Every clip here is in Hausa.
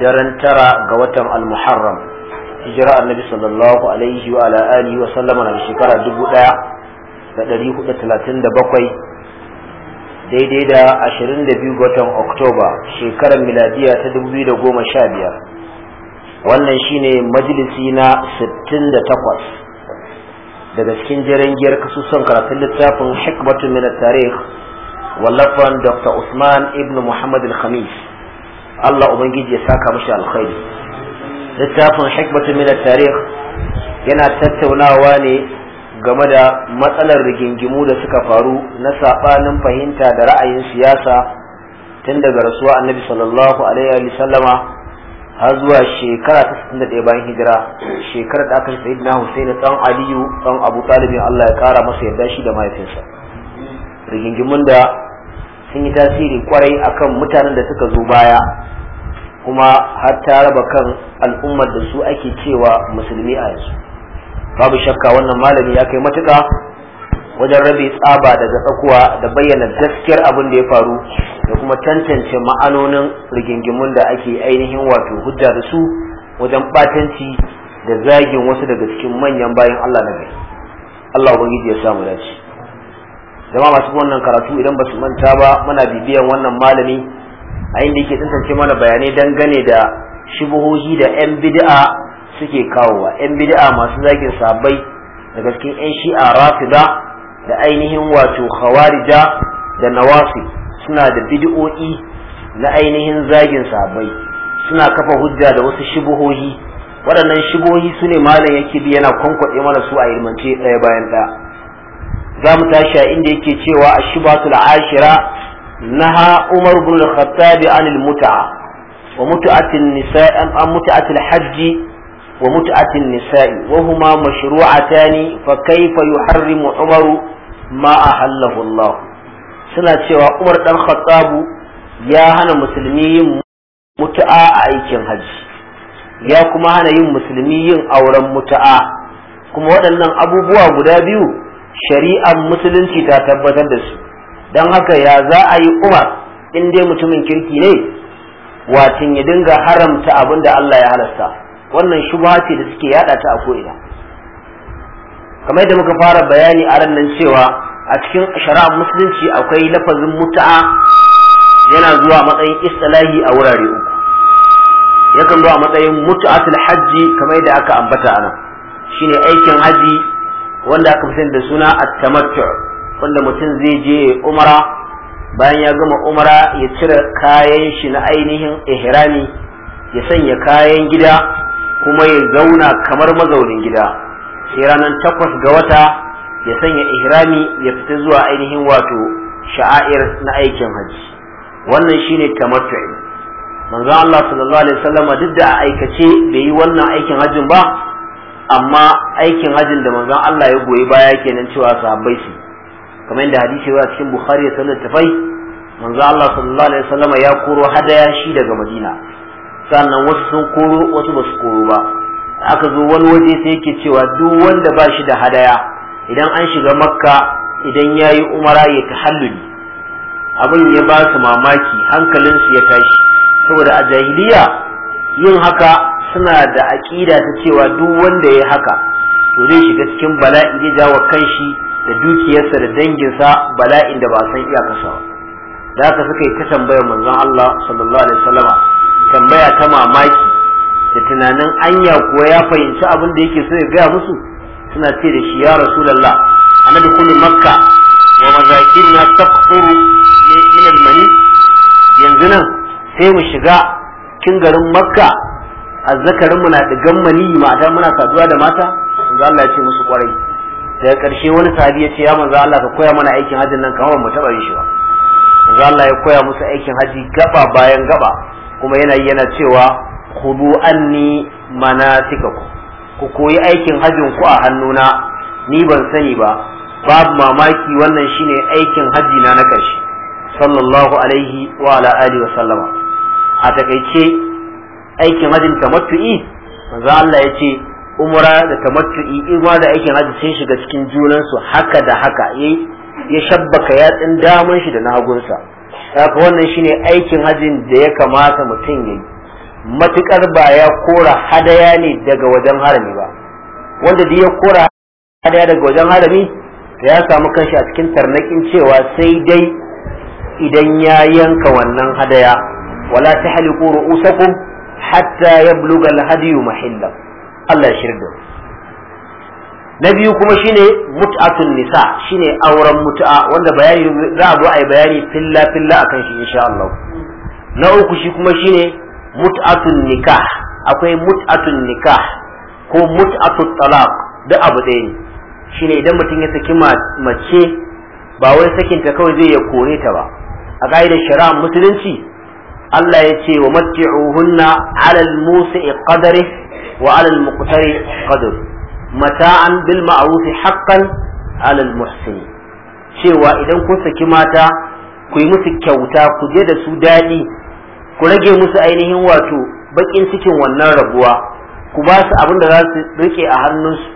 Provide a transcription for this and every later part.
daren tara ga watan al-muharram hijira annabi sallallahu alaihi wa ala alihi wa sallama na shekara dubu daya da dari hudu talatin da bakwai daidai da ashirin da biyu ga watan oktoba shekarar miladiya ta dubu biyu da goma sha biyar wannan shine majalisi na sittin da takwas daga cikin jirangiyar kasusun karatun littafin hikmatun min tarikh wallafan dr usman ibn muhammad al-khamis Allah ubangiji ya saka mashi alkhairi littafin hikmatu min tarikh yana tattaunawa ne game da matsalar rigingimu da suka faru na sabanin fahimta da ra'ayin siyasa tun daga rasuwa annabi sallallahu alaihi wa sallama har zuwa shekara ta 61 bayan hijira shekarar da aka shi na Husaini ɗan Aliyu dan Abu Talib Allah ya kara masa yarda shi da mahaifinsa rigingimun da sun yi tasiri kwarai akan mutanen da suka zo baya kuma har ta raba kan al'ummar da su ake cewa musulmi a yanzu babu shakka wannan malami ya kai matuka wajen rabe tsaba daga tsakuwa da bayyana gaskiyar abin da ya faru da kuma tantance ma'anonin rigingimun da ake ainihin wato hujja da su wajen batanci da zagin wasu daga cikin manyan bayan Allah na gari Allah ubangiji ya samu dace jama'a masu wannan karatu idan ba su manta ba muna bibiyan wannan malami a inda yake tantance mana bayanai dangane da shubuhohi da yan bid'a suke kawowa yan bid'a masu zagin sabai daga cikin yan shi'a rafida da ainihin wato khawarija da nawasi suna da bid'o'i na ainihin zagin sabai suna kafa hujja da wasu shubuhohi waɗannan shubuhohi su ne malam yake bi yana kwankwaɗe mana su a ilmance ɗaya bayan ɗaya za mu tashi a inda yake cewa a shibatul ashira naha umar bin al-khattab anil mut'a wa mut'atin nisa'i am mut'atil hajji wa mut'atin nisa'i wa huma mashru'atani fa kayfa yuharrimu Umaru, ma ahallahu Allah suna cewa umar dan khattabu ya hana musulmi yin mutu'a a aikin hajji ya kuma hana yin musulmi yin auren mutu'a. kuma waɗannan abubuwa guda biyu shari'ar musulunci ta tabbatar da su don haka ya za a yi umar in dai mutumin kirki ne Watan ya dinga haramta abin da Allah ya halasta wannan shubha ce da suke yada ta a ko'ina kamar yadda muka fara bayani a ran nan cewa a cikin shari'ar musulunci akwai lafazin muta'a yana zuwa matsayin istilahi a wurare uku yakan zuwa matsayin mutu'atul hajji kamar yadda aka ambata a nan shine aikin haji wanda aka fi da suna at-tamattu wanda mutum zai je umara bayan ya gama umara ya cire kayan shi na ainihin ihrami ya sanya kayan gida kuma ya zauna kamar mazaunin gida sai ranar takwas ga wata ya sanya ihrami ya fita zuwa ainihin wato sha'air na aikin hajji wannan shine tamattu manzo Allah sallallahu alaihi wasallam duk da aikace bai yi wannan aikin hajjin ba amma aikin hajjin da manzon Allah ya goyi baya kenan cewa sahabbai su kamar yadda hadisi ya cikin Bukhari da Sunan tafai manzon Allah sallallahu alaihi wasallam ya koro hadaya shi daga Madina sannan wasu sun koro wasu ba su koro ba aka zo wani waje sai yake cewa duk wanda ba shi da hadaya idan an shiga makka idan ya yi umara ya tahalluli abin ya ba su mamaki hankalinsu ya tashi saboda a jahiliya yin haka suna da aƙida ta cewa duk wanda ya haka to zai shiga cikin bala'i zai jawo kanshi da dukiyarsa da danginsa bala'in da ba san iyakarsa ba da haka suka yi ta tambayar manzon Allah sallallahu alaihi wasallama tambaya ta mamaki da tunanin anya kuwa ya fahimci abin da yake so ya gaya musu suna ce da shi ya rasulullah anadu kullu makka wa na taqfuru min al-mani yanzu nan sai mu shiga cikin garin makka azzakarin mu na digan maniyi mata muna saduwa da mata manzo Allah ya ce musu kwarai daga karshe wani sahabi ya ce ya manzo Allah ka koya mana aikin hajjin nan kamar mu taba yin shi ba manzo Allah ya koya musu aikin haji gaba bayan gaba kuma yana yana cewa khudu anni manatikaku ku koyi aikin hajjin ku a hannuna ni ban sani ba babu mamaki wannan shine aikin hajji na na karshe sallallahu alaihi wa ala alihi wa sallama a takaice aikin hajjin tamattu'i manzo Allah ya ce umra da tamattu'i ima da aikin hajji sun shiga cikin junan su haka da haka yayi ya shabbaka yatsin daman shi da na hagunsa haka wannan shine aikin hajjin da ya kamata mutum yayi matukar ba ya kora hadaya ne daga wajen harami ba wanda da ya kora hadaya daga wajen harami ya samu kanshi a cikin tarnakin cewa sai dai idan ya yanka wannan hadaya wala tahliqu ru'usakum hatta ya al-hadiyu mahillahu Allah ya shirda na biyu kuma shine mut'atun nisa shine auren mut'a wanda bayani za a zo a yi bayani filla filla akan shi insha Allah na uku shi kuma shine mut'atun nikah akwai mut'atun nikah ko mut'atun talaq da abu ɗaya ne shine idan mutum ya saki mace ba wai sakinta kawai zai ya kore ta ba a ga'idar shari'a musulunci Allah ya ce wa matti'uhunna alal musi'i qadari wa alal muqtari qadar mata'an bil ma'ruf haqqan alal muhsini cewa idan kun saki mata ku yi musu kyauta ku je da su daɗi ku rage musu ainihin wato bakin cikin wannan rabuwa ku ba su abin da za su rike a hannunsu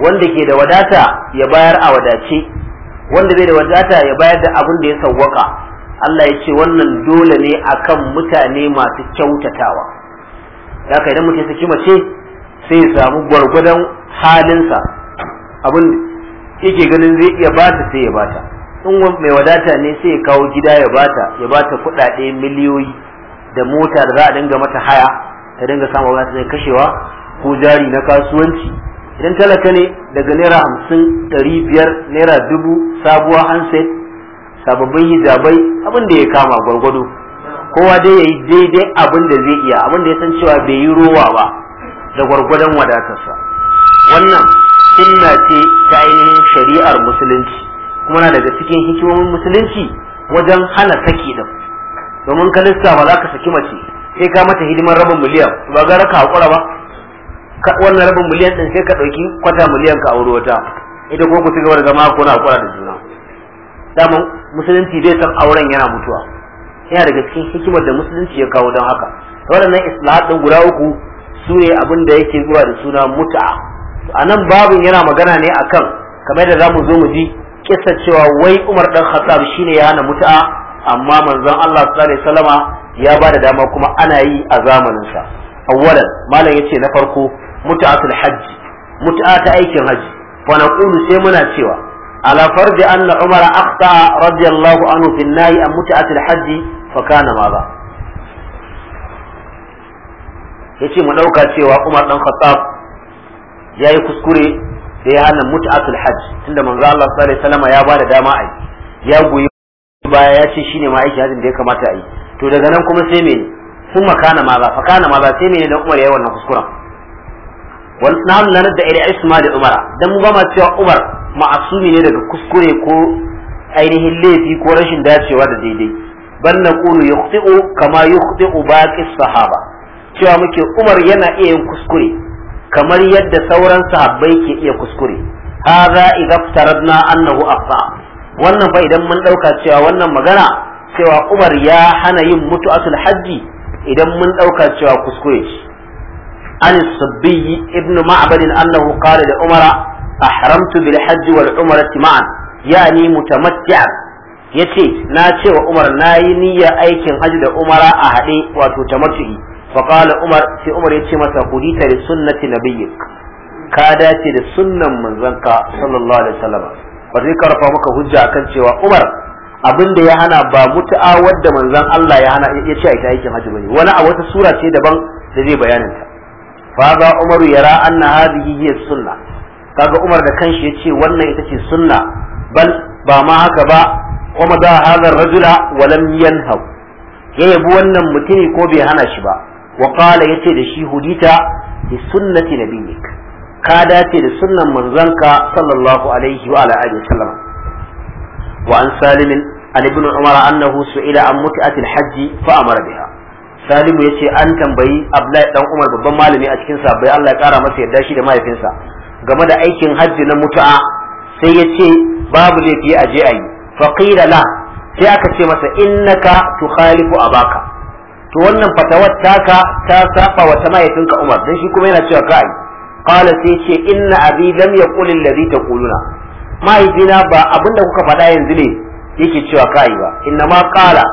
wanda ke da wadata ya bayar a wadace wanda bai da wadata ya bayar da abin da ya sawwaka Allah ya ce wannan dole ne akan mutane masu kyautatawa da haka idan mutum saki mace sai ya samu gwargwadon halinsa abin yake ganin zai iya bata sai ya bata in mai wadata ne sai ya kawo gida ya bata ya bata kuɗaɗe miliyoyi da mota da za a dinga mata haya ta dinga samu wani sai kashewa ko jari na kasuwanci idan talaka ne daga naira hamsin ɗari biyar naira dubu sabuwar handset sababbin hijabai abin da ya kama gwargwado kowa dai ya yayi daidai abin da zai iya abin da ya san cewa bai yi rowa ba da gwargwadon wadatarsa wannan sunna ce ta ainihin shari'ar musulunci kuma na daga cikin hikimomin musulunci wajen hana saki din domin ka ba za ka saki mace sai ka mata hidimar rabin miliyan ba ga raka hakura ba wannan rabin miliyan din sai ka ɗauki kwata miliyan ka auri wata ita ko ku ci gaba da zama ko na hakura da juna dama musulunci bai san auren yana mutuwa yana daga cikin hikimar da musulunci ya kawo don haka waɗannan islahat ɗin guda uku su ne abin da yake zuwa da suna mutu'a. a nan babin yana magana ne akan kamar da zamu zo mu ji kisa cewa wai Umar dan Khattab shine ya hana muta'a amma manzon Allah sallallahu alaihi wasallama ya ba da dama kuma ana yi a zamaninsa. sa awwalan malam yace na farko muta'atul hajji mutu'a ta aikin haji fa naqulu sai muna cewa على فرض أن عمر أخطأ رضي الله عنه في النهي عن متعة الحج فكان ماذا yace mu dauka cewa Umar dan Khattab yi kuskure da ya hana mut'atul hajj tunda manzo Allah sallallahu alaihi wasallam ya bada dama ai ya goyi baya ya ce shine ma aiki hajjin da ya kamata ai to daga nan kuma sai mene sun makana maza fa kana maza sai mene dan Umar ya yi wannan kuskuren wal nahnu da ila isma da umara dan mu ba ma cewa Umar ma'asumi ne daga kuskure ko ainihin laifi ko rashin dacewa da daidai bal naqulu yukhti'u kama yukhti'u baqi sahaba cewa muke Umar yana iya yin kuskure kamar yadda sauran sahabbai ke iya kuskure hadha idza ftaradna annahu akhta wannan fa idan mun dauka cewa wannan magana cewa Umar ya hana yin mutu'atul hajji idan mun ɗauka cewa kuskure ce an sabbi ibnu ma'bad annahu qala da umara ahramtu bil hajji wal umrati ma'an yani mutamatti'an yace na ce wa umar nayi niyyar aikin hajji da umara a haɗe wato tamattu'i fa qala umar sai umar yace masa hudita li sunnati nabiyyik ka dace da sunnan manzanka sallallahu alaihi wasallam ba zai karfa maka hujja akan cewa umar abin da ya hana ba mutu'a wadda manzon Allah ya hana ya ce a aikin hajji bane wani a wata sura ce daban da zai bayanin ta fa za umaru yara anna hadhihi hiya sunna kaga Umar da kanshi yace wannan ita ce sunna bal ba ma haka ba kuma da hadha rajula wa lam yanhaw ya yabi wannan mutumi ko bai hana shi ba wa ya yace da shi hudita bi sunnati nabiyyik ka dace da sunnan manzanka sallallahu alaihi wa ala alihi wa an salim an ibn umar annahu su'ila an mut'at al-hajj fa amara biha salimu yace an tambayi abdullahi dan umar babban malami a cikin sahabbai Allah ya kara masa yadda shi da mahaifinsa game da aikin hajji na mutu'a sai ya ce babu laifi a je a yi faqila la sai aka ce masa innaka a abaka to wannan fatawar taka ta saba wa ta mahaifinka Umar dan shi kuma yana cewa kai qala sai ce inna abi lam yaqul alladhi taquluna mahaifina ba abinda kuka faɗa yanzu ne yake cewa kai ba inna ma qala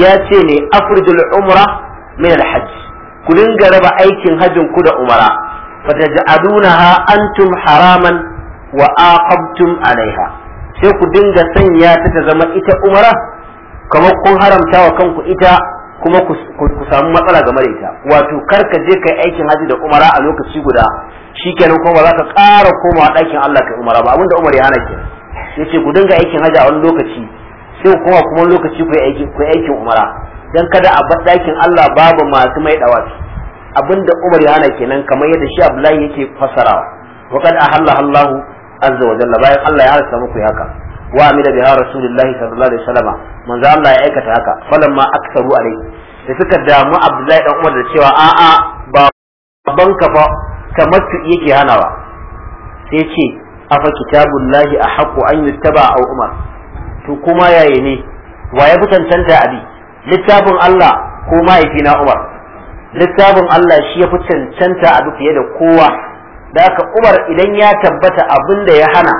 ya ce ne afridul umra min Hajji. ku dinga raba aikin hajjin ku da umara fataj'alunaha antum haraman wa aqabtum alaiha sai ku dinga sanya ta ta zama ita umara kamar kun haramta wa kanku ita kuma ku samu matsala game da ita wato kar ka je kai aikin haji da umara a lokaci guda shikenan kuma ba za ka kara komawa dakin Allah kai umara ba abinda umar ya hana ke yace ku dinga aikin haji a wani lokaci sai ku kuma lokaci ku yi aikin umara dan kada a ba ɗakin Allah babu masu mai dawafi Abin da Umar ya hana kenan kamar yadda shi Abdullahi yake fasarawa wa kad ahalla Allahu azza wa jalla bayan Allah ya halasta muku haka wa da biha rasulullahi sallallahu alaihi wasallam manzo Allah ya aikata haka falamma aktaru alai da suka damu Abdullahi dan Umar da cewa a a ba banka fa tamattu yake hanawa sai ce afa kitabullahi ahqqu an yuttaba aw umar to kuma yaye ne wa ya fi cancanta abi littafin Allah ko na Umar littafin Allah shi ya fi cancanta duk fiye da kowa da aka Umar idan ya tabbata abin da ya hana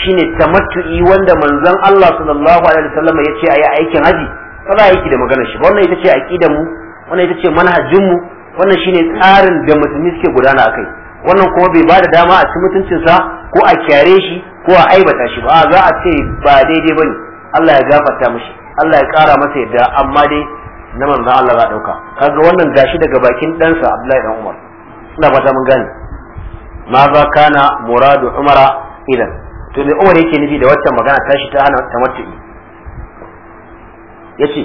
shi shine tamattu'i wanda manzon Allah sallallahu alaihi wasallam ya ce ayi aikin haji ba za a yi da maganar shi ba wannan ita ce aqidar mu wannan ita ce manhajin mu wannan shine tsarin da musulmi suke gudana a kai, wannan kuma bai bada dama a ci mutuncinsa ko a kyare shi ko a aibata shi ba za a ce ba daidai bane Allah ya gafarta mishi Allah ya kara masa yadda amma dai na manzan Allah za ɗauka kaga wannan gashi daga bakin ɗansa Abdullahi Ɗan Umar ina fata mun gane ma za kana muradu Umara idan to me Umar yake nufi da waccan magana tashi ta hana tamattu'i yace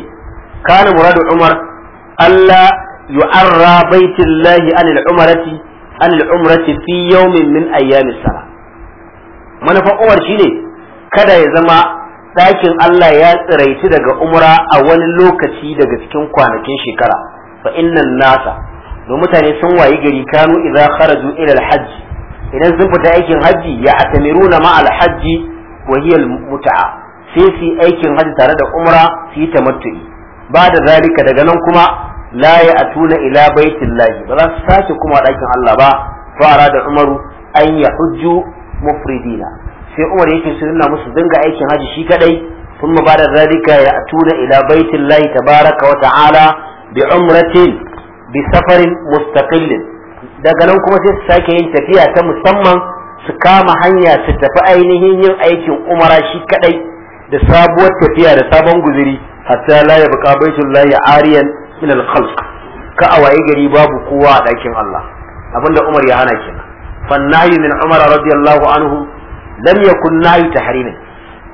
kana muradu Umar Allah yu'arra baitullahi anil umarati anil umrati fi yawmin min ayyamis sana manufar Umar shine kada ya zama ɗakin Allah ya tsiraici daga umra a wani lokaci daga cikin kwanakin shekara fa innan nasa do mutane sun wayi gari kanu idza kharaju ila hajji. idan sun fita aikin hajji ya atamiruna ma al-hajj wa hiya al sai su aikin hajji tare da umra su yi tamattu'i ba da zalika daga nan kuma la ya atuna ila baitillahi ba za su sake kuma ɗakin Allah ba fara da umaru an ya hujju mufridina sai umar yake suna musu dinga aikin haji shi kadai sun da zalika ya tuna ila baitin lahi tabaraka wa ta'ala bi umratin bi safarin mustaqillin daga nan kuma sai su sake yin tafiya ta musamman su kama hanya su tafi ainihin yin aikin umara shi kadai da sabuwar tafiya da sabon guziri hatta la ya buka baitul lahi ariyan min al khalq ka gari babu kowa a dakin Allah abinda Umar ya hana kenan fannahi min Umar radiyallahu anhu lam yakun nahi tahrimin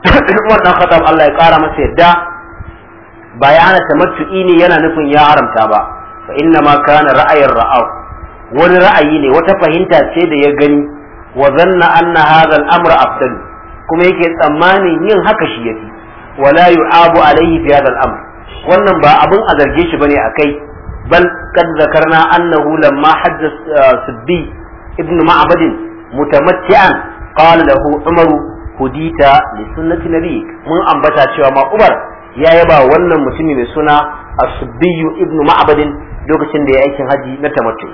Umar dan Khattab Allah ya kara masa yadda bayana ta hana tamattu'i ne yana nufin ya haramta ba fa inna ma kana ra'ayin ra'aw wani ra'ayi ne wata fahimta ce da ya gani wa zanna anna hadha al-amra afdal kuma yake tsammanin yin haka shi yafi wala yu'abu alayhi fi hadha al-amr wannan ba abun a zarge shi bane akai bal na zakarna annahu lamma hajja sibbi ibn ma'badin mutamatti'an qala da umaru hudita li sunnati nabiyik mun ambata cewa ma umar ya yaba wannan mutumi mai suna Asubiyu ibnu ma'abadin lokacin da ya aikin haji na tamattu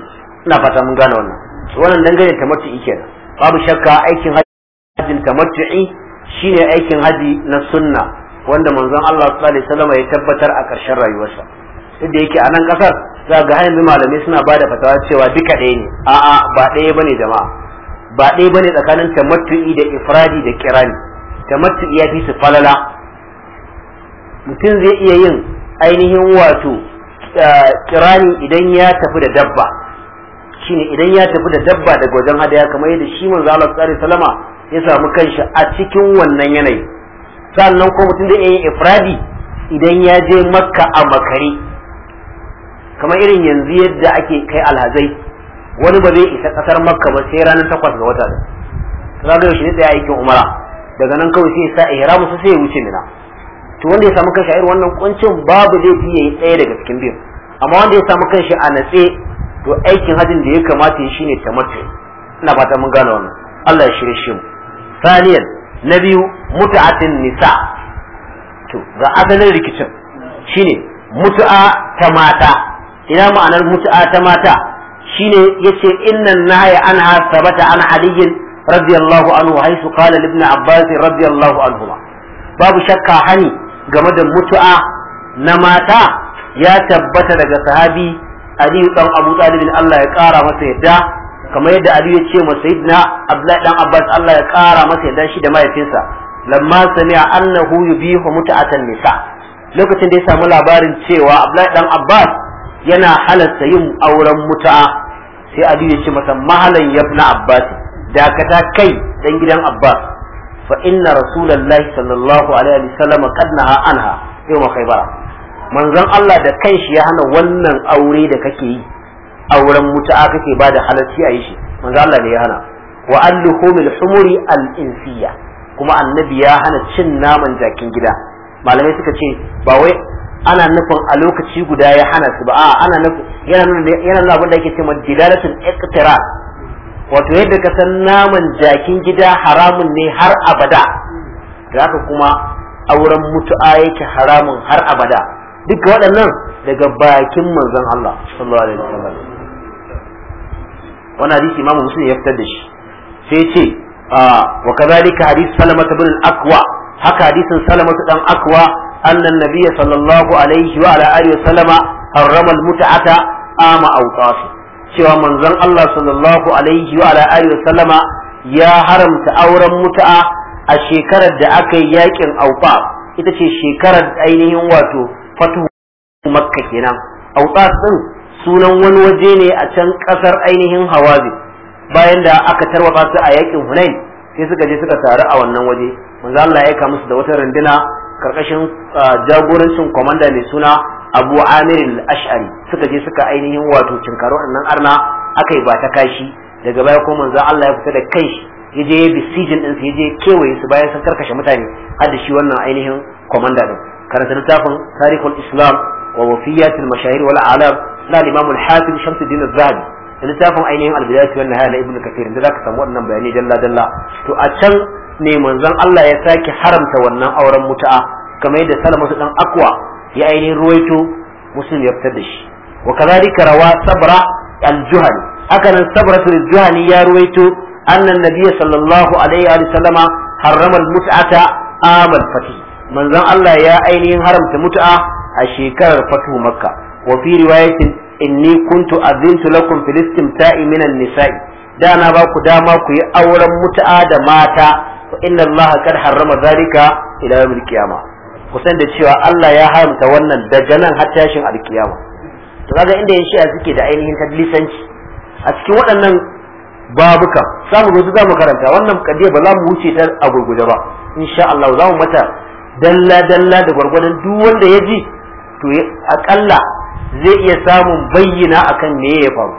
ina fata mun gane wannan wannan dangane tamattu kenan babu shakka aikin hajjin tamattu'i shine aikin haji na sunna wanda manzon Allah sallallahu alaihi wasallam ya tabbatar a ƙarshen rayuwarsa duk da yake a nan kasar za ga yanzu malamai suna bada fatawa cewa duka ɗaya ne a'a ba ɗaya bane jama'a ba ɗaya bane tsakanin tamattu'i da ifradi da kirani tamattu'i ya fi su falala mutum zai iya yin ainihin wato eh, kirani idan ya tafi da dabba shine idan ya tafi da dabba daga wajen hadaya kamar yadda shi manzo zala tsari salama ya samu kanshi a cikin wannan yanayi sannan ko mutum zai da yin ifradi idan ya je makka a makare kamar irin yanzu yadda ake kai alhazai wani ba zai isa kasar makka ba sai ranar takwas ga wata to ga shi ne tsaya aikin umara daga nan kawai sai sa musu sai wuce mina to wanda ya samu kanshi a irin wannan kuncin babu zai laifi yayi ɗaya daga cikin biyu amma wanda ya samu kanshi a natse to aikin hajin da ya kamata ya shine tamattu ina fata mun gane wannan Allah ya shirye shi mu saniyan na biyu muta'atin nisa to ga asalin rikicin shine mutu'a ta mata ina ma'anar mutu'a ta mata shine yace innan nahya anha thabata an ali radiyallahu anhu haythu qala li ibn abbas radiyallahu anhuma babu shakka hani game da mutu'a na mata ya tabbata daga sahabi Aliyu dan abu talib Allah ya kara masa yadda kamar yadda ali ya ce ma sayyidina abdullahi dan abbas Allah ya kara masa yadda shi da mahaifinsa lamma sami'a annahu yubihu mutu'atan nisa lokacin da ya samu labarin cewa abdullahi dan abbas yana halasta yin auren mutu'a sai Aliyu ya ce masa mahalan yabna Abbas dakata kai dan gidan Abbas fa inna rasulullahi sallallahu alaihi wasallam qad naha anha yawm khaybara manzon Allah da kanshi ya hana wannan aure da kake yi auren mutu'a kake ba da halarci a yi shi manzon Allah ne ya hana wa alluhumil humuri al-insiyya kuma annabi ya hana cin naman jakin gida malamai suka ce ba wai ana nufin a lokaci guda ya hana su ba a ana nufin yana nuna yana nuna abinda ake cewa dilalatul iqtira wato yadda ka san naman jakin gida haramun ne har abada da haka kuma auren mutu'a yake haramun har abada duka waɗannan daga bakin manzon Allah sallallahu alaihi wasallam wannan hadisi imam muslim ya fitar da shi sai ce ah, wa kadhalika hadith salama bin al-aqwa haka hadisin salamatu dan aqwa أن النبي صلى الله عليه وعلى آله وسلم حرم المتعة عام cewa manzon Allah sallallahu alaihi wa ala ya haramta auren mutu'a a shekarar da aka yi yakin aufa ita ce shekarar ainihin wato fatu makka kenan aufa din sunan wani waje ne a can ƙasar ainihin hawazi bayan da aka tarwata su a yaƙin hunain sai suka je suka taru a wannan waje manzo Allah musu da wata runduna karkashin jagorancin komanda mai suna abu amir al-ash'ari suka je suka ainihin wato cinkaro nan arna aka yi ba ta kashi daga baya ko manzo Allah ya fita da kai ya je bisijin din su ya je kewaye su bayan sun karkashe mutane har shi wannan ainihin komanda din karanta littafin tarihul islam wa wafiyatul mashahir wal alam na al-imam al-hafiz shamsuddin az-zahabi littafin ainihin al-bidayah wa an-nihaya na ibnu kathir da zaka samu wannan bayani dalla dalla to a can ne manzon Allah ya sake haramta wannan auren mutu'a kamar yadda Salamatu dan Akwa ya ainihin ruwaito Muslim ya fitar da shi wa kadhalika rawa Sabra al-Juhani haka nan Sabra al-Juhani ya ruwaito annan nabiy sallallahu alaihi wa sallama harrama al-mut'ata amal fatih manzon Allah ya ainihin haramta mutu'a a shekarar fatu makka wa fi riwayatin inni kuntu azintu lakum fil istimta'i nisa'i da na ba ku dama ku yi auren mutu'a da mata inna Allah kad zarika zalika ila yawmil kusan da cewa Allah ya haramta wannan daga nan har tashin alkiyama to kaga inda yin shi'a suke da ainihin tadlisanci a cikin waɗannan babukan samu zo za mu karanta wannan kadiya ba za mu wuce ta a gurguje ba insha Allah za mu mata dalla dalla da gwargwadon duk wanda ya ji to akalla zai iya samun bayyana akan me ya faru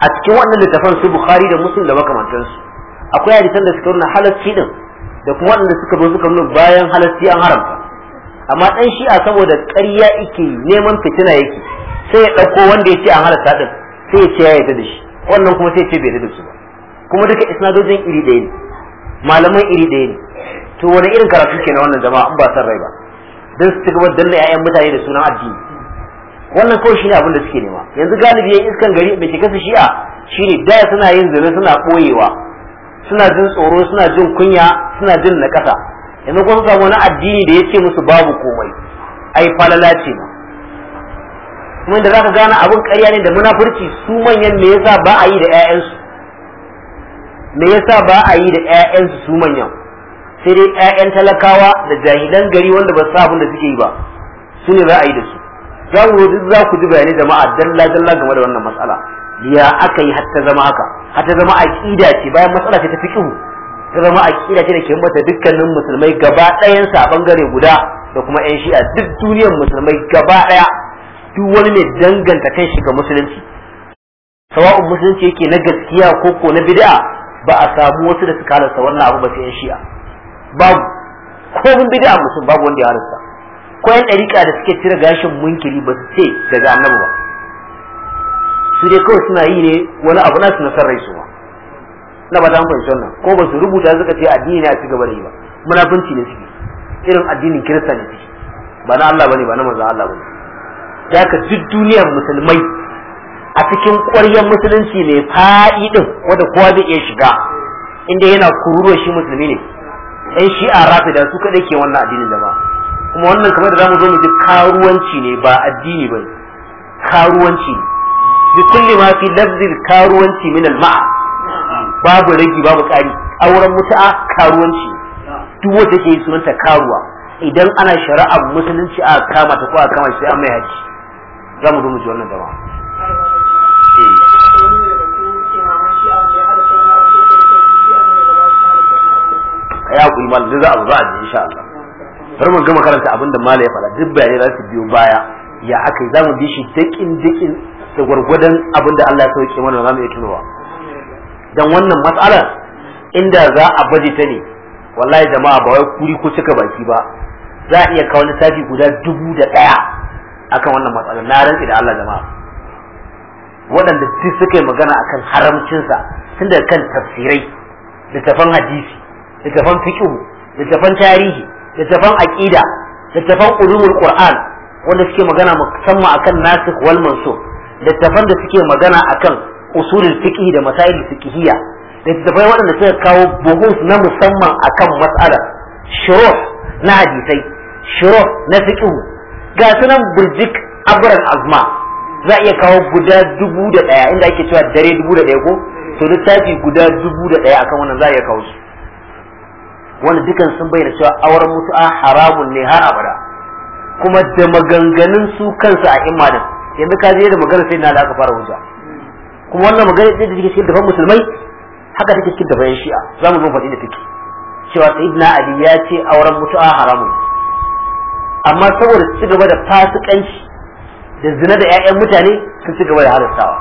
a cikin wannan littafan su Bukhari da Muslim da makamantansu akwai hadisan da suka nuna halarci din da kuma waɗanda suka zo suka nuna bayan halarci an haramta amma dan shi'a saboda ƙarya yake neman fitina yake sai ya ɗauko wanda ya ce an halarta din sai ya ce ya yarda da shi wannan kuma sai ya ce bai yarda da su ba kuma duka isnadojin iri ɗaya ne malaman iri ɗaya ne to wani irin karatu kenan wannan jama'a in ba san rai ba dan su cigaba da danna 'ya'yan mutane da sunan addini wannan kawai shine abin da suke nema yanzu galibi yan iskan gari bai ke shi'a shine da suna yin zina suna boyewa suna jin tsoro suna jin kunya suna jin nakasa yanzu kuma samu wani addini da ya ce musu babu komai ai falala ce ma kuma da za ka gane abin ƙarya ne da munafurci su manyan me yasa ba a yi da 'ya'yansu me yasa ba a yi da su manyan sai dai 'ya'yan talakawa da jahilan gari wanda ba su abin da suke yi ba su ne za a yi da su za ku za ku ji bayanai jama'a dalla dalla game da wannan matsala ya aka yi hatta zama haka hatta zama aqida ce bayan matsala ce ta fiqhu ta zama aqida ce da ke mata dukkanin musulmai gaba ɗayan sa bangare guda da kuma ƴan shi'a duk duniyar musulmai gaba ɗaya duk wani ne danganta kan shi ga musulunci sawa'un musulunci yake na gaskiya ko ko na bid'a ba a samu wasu da suka halarta wannan abu ba sai yan shi'a babu ko mun bid'a musulmai babu wanda ya halarta ko yan ɗariƙa da suke cire gashin munkiri ba su ce daga annabi ba su dai kawai suna yi ne wani abu na na sarrai su ma na ba ta fahimci wannan ko ba su rubuta suka ce addini ne a ci gaba da yi ba munafunci ne suke irin addinin kirista ne suke ba na Allah bane ba na manzon Allah bane da ka duk duniyar musulmai a cikin ƙwaryar musulunci ne fa'i din wanda kowa zai iya shiga inda yana kururuwa shi musulmi ne ɗan shi'a rafida su kaɗai ke wannan addinin da ba kuma wannan kamar da zamu zo mu ji karuwanci ne ba addini ba karuwanci ne bi kulli ma fi lafzil karuwanci min al ma'a babu ragi babu kari auren mutu'a karuwanci duk wanda ke sunanta karuwa idan ana shari'a musulunci a kama ta ko a kama sai an mai haji za mu rubuta wannan dama ya ku iman duk za a za a ji insha Allah bari mun gama karanta abin da mala ya faɗa duk bayanai za su biyo baya ya aka yi za mu bi shi dakin dakin da gwargwadon abin da Allah ya sauke mana za mu iya tunowa dan wannan matsalar inda za a baje ta ne wallahi jama'a ba wai kuri ko cika baki ba za a iya kawo lissafi guda dubu da ɗaya akan wannan matsalar na rantsi da Allah jama'a waɗanda duk suka yi magana akan haramcinsa tun daga kan tafsirai littafan hadisi littafan fiqh littafan tarihi littafan aqida littafan ulumul qur'an wanda suke magana musamman akan nasikh wal mansukh littafan da suke magana akan usulul fiqh da masail fiqhiyya littafai waɗanda suka kawo buhus na musamman akan mas'ala shuruh na hadisai shuruh na fiqh ga sunan burjik abran azma za iya kawo guda dubu da ɗaya inda ake cewa dare dubu da ɗaya ko to littafi guda dubu da ɗaya akan wannan za iya kawo su wanda dukan sun bayyana cewa auren mutu'a haramun ne har abada kuma da maganganun su kansu a imanin yanzu ka je da magana sai na da aka fara hujja kuma wannan magana ce da take cikin dafan musulmai haka take cikin dafan shi'a za mu zo faɗi da take cewa sayyidina ali ya ce auren mutu'a haramun amma saboda ci gaba da fasikanci da zina da ƴaƴan mutane sun ci gaba da halastawa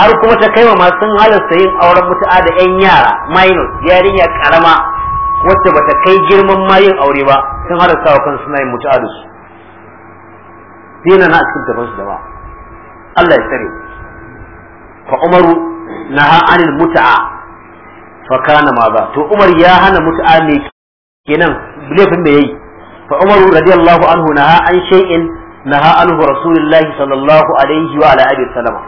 har kuma ta kai ma sun halasta yin auren mutu'a da ƴan yara minor yarinya karama wacce bata kai girman ma yin aure ba sun halastawa wa kansu suna yin mutu'a da su dina na cikin gaban su jama'a Allah ya tsare fa umaru naha anil mut'a fa kana ma ba to umar ya hana mut'a ne kenan laifin da yayi fa umaru radiyallahu anhu naha an shay'in naha anhu rasulullahi sallallahu alaihi wa ala alihi sallama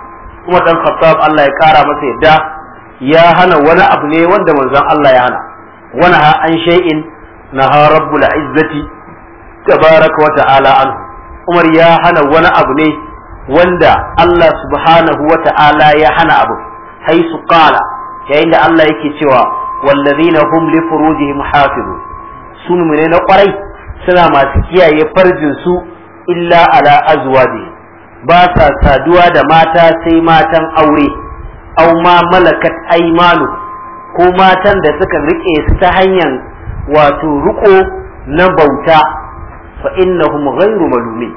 umar dan khattab Allah ya kara masa yadda ya hana wani abu ne wanda manzon Allah ya hana wani ha an shay'in naha rabbul izzati tabaraka wa ta'ala anhu Umar ya hana wani abu ne wanda Allah subhanahu wa ta'ala ya hana abu Hai su kala. yayin da Allah yake cewa wallazina hum li furujihim hafizun su ne na kwarai suna masu kiyaye farjin su illa ala azwaji ba sa saduwa da mata sai matan aure aw ma malakat aymanu ko matan da suka riƙe su ta hanyar wato riko na bauta fa innahum ghairu malumin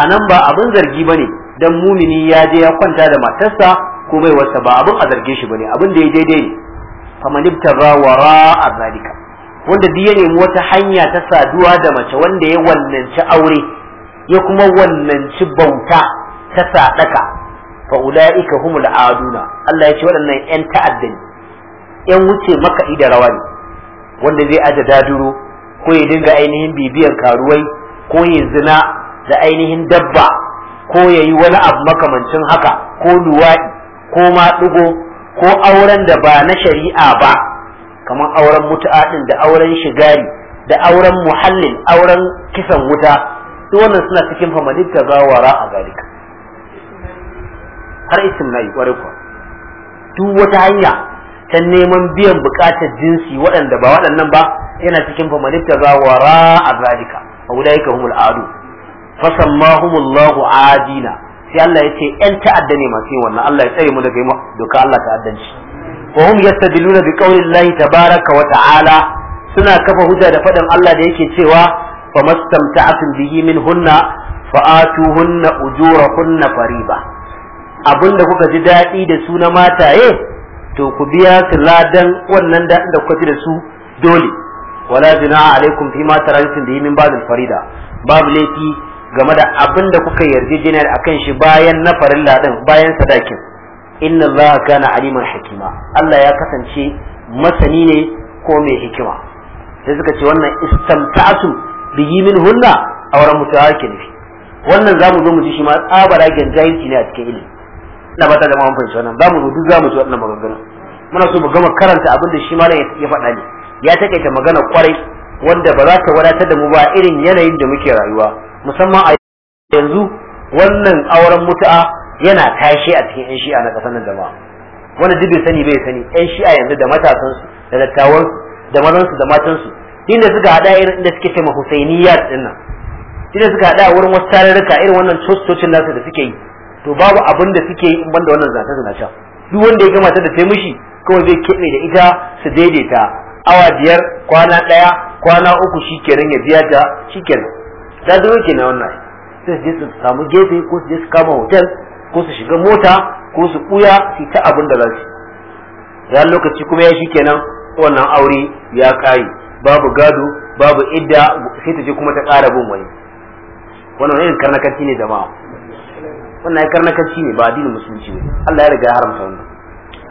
anan ba abin zargi bane dan mumini ya je ya kwanta da matarsa ko bai wasa ba abin a zarge shi bane abin da ya daidai ne man ibtara wara zalika wanda duk ne wata hanya ta saduwa da mace wanda ya wannanci aure ya kuma wannanci bauta ta sadaka fa ulaika humul aduna Allah ya ce waɗannan ƴan ta'adda yan ƴan wuce maka da rawa ne wanda zai aje daduro ko ya dinga ainihin bibiyan karuwai ko ya zina da ainihin dabba ko ya yi wani abu makamancin haka ko luwaɗi ko maɗigo ko auren da ba na shari'a ba kamar auren mutu'a da auren shigari da auren muhallin auren kisan wuta duk wannan suna cikin famadin ta zawara a zalika har isin na yi kuwa duk wata hanya ta neman biyan bukatar jinsi waɗanda ba waɗannan ba yana cikin famadin ta zawara a zalika fa ulaika humul adu fasammahumullahu adina sai Allah yace 'Yan ƴan ta'adda ne masu yin wannan Allah ya tsare mu daga doka Allah ta'addanci wa hum yastadiluna bi qawli ta baraka wa ta'ala suna kafa hujja da fadan Allah da yake cewa fa mastamta'atun bihi min hunna hunna, fa atuhunna ujurahunna fariba abinda kuka ji daɗi da su na mataye to ku biya su wannan daɗin da kuka ji da su dole wala junaha alaikum fima tarantum bihi min ba'd farida babu laifi game da abin da kuka a kan shi bayan na farin din bayan sadakin inna allaha kana aliman hakima Allah ya kasance masani ne ko mai hikima sai suka ce wannan istamta'tu bihi min hunna auren mutuwa ke nufi wannan zamu zo mu ji shi ma tsabara gangayi ne a cikin ilimi ina bata da zama mun fahimci wannan zamu zo duk zamu ji wannan maganganun muna so mu gama karanta abin da shi malam ya faɗa ne ya takaita magana kwarai wanda ba za ta wadatar da mu ba irin yanayin da muke rayuwa musamman a yanzu wannan auren mutu'a yana tashe a cikin 'yan shi'a na ƙasar nan jama'a wanda duk bai sani bai sani 'yan shi'a yanzu da su da dattawansu da mazan su da matan su, inda suka haɗa irin inda suke ce husainiyat din nan inda suka haɗa a wurin wasu tarurruka irin wannan cocin nasu da suke yi to babu abin da suke yi in banda wannan zata zana sha duk wanda ya gama ta da sai mishi kawai zai keɓe da ita su daidaita awa biyar kwana ɗaya kwana uku shikenan ya biya ta shikenan ta zama kenan wannan sai su je su samu gefe ko su je su kama hotel ko su shiga mota ko su ɓuya su ta abin da za su ya lokaci kuma ya shikenan wannan aure ya kare babu gado babu idda sai ta je kuma ta ƙara bin wani wannan irin karnakanci ne jama'a wannan ya karnakanci ne ba addinin musulunci ne Allah ya riga ya haramta wannan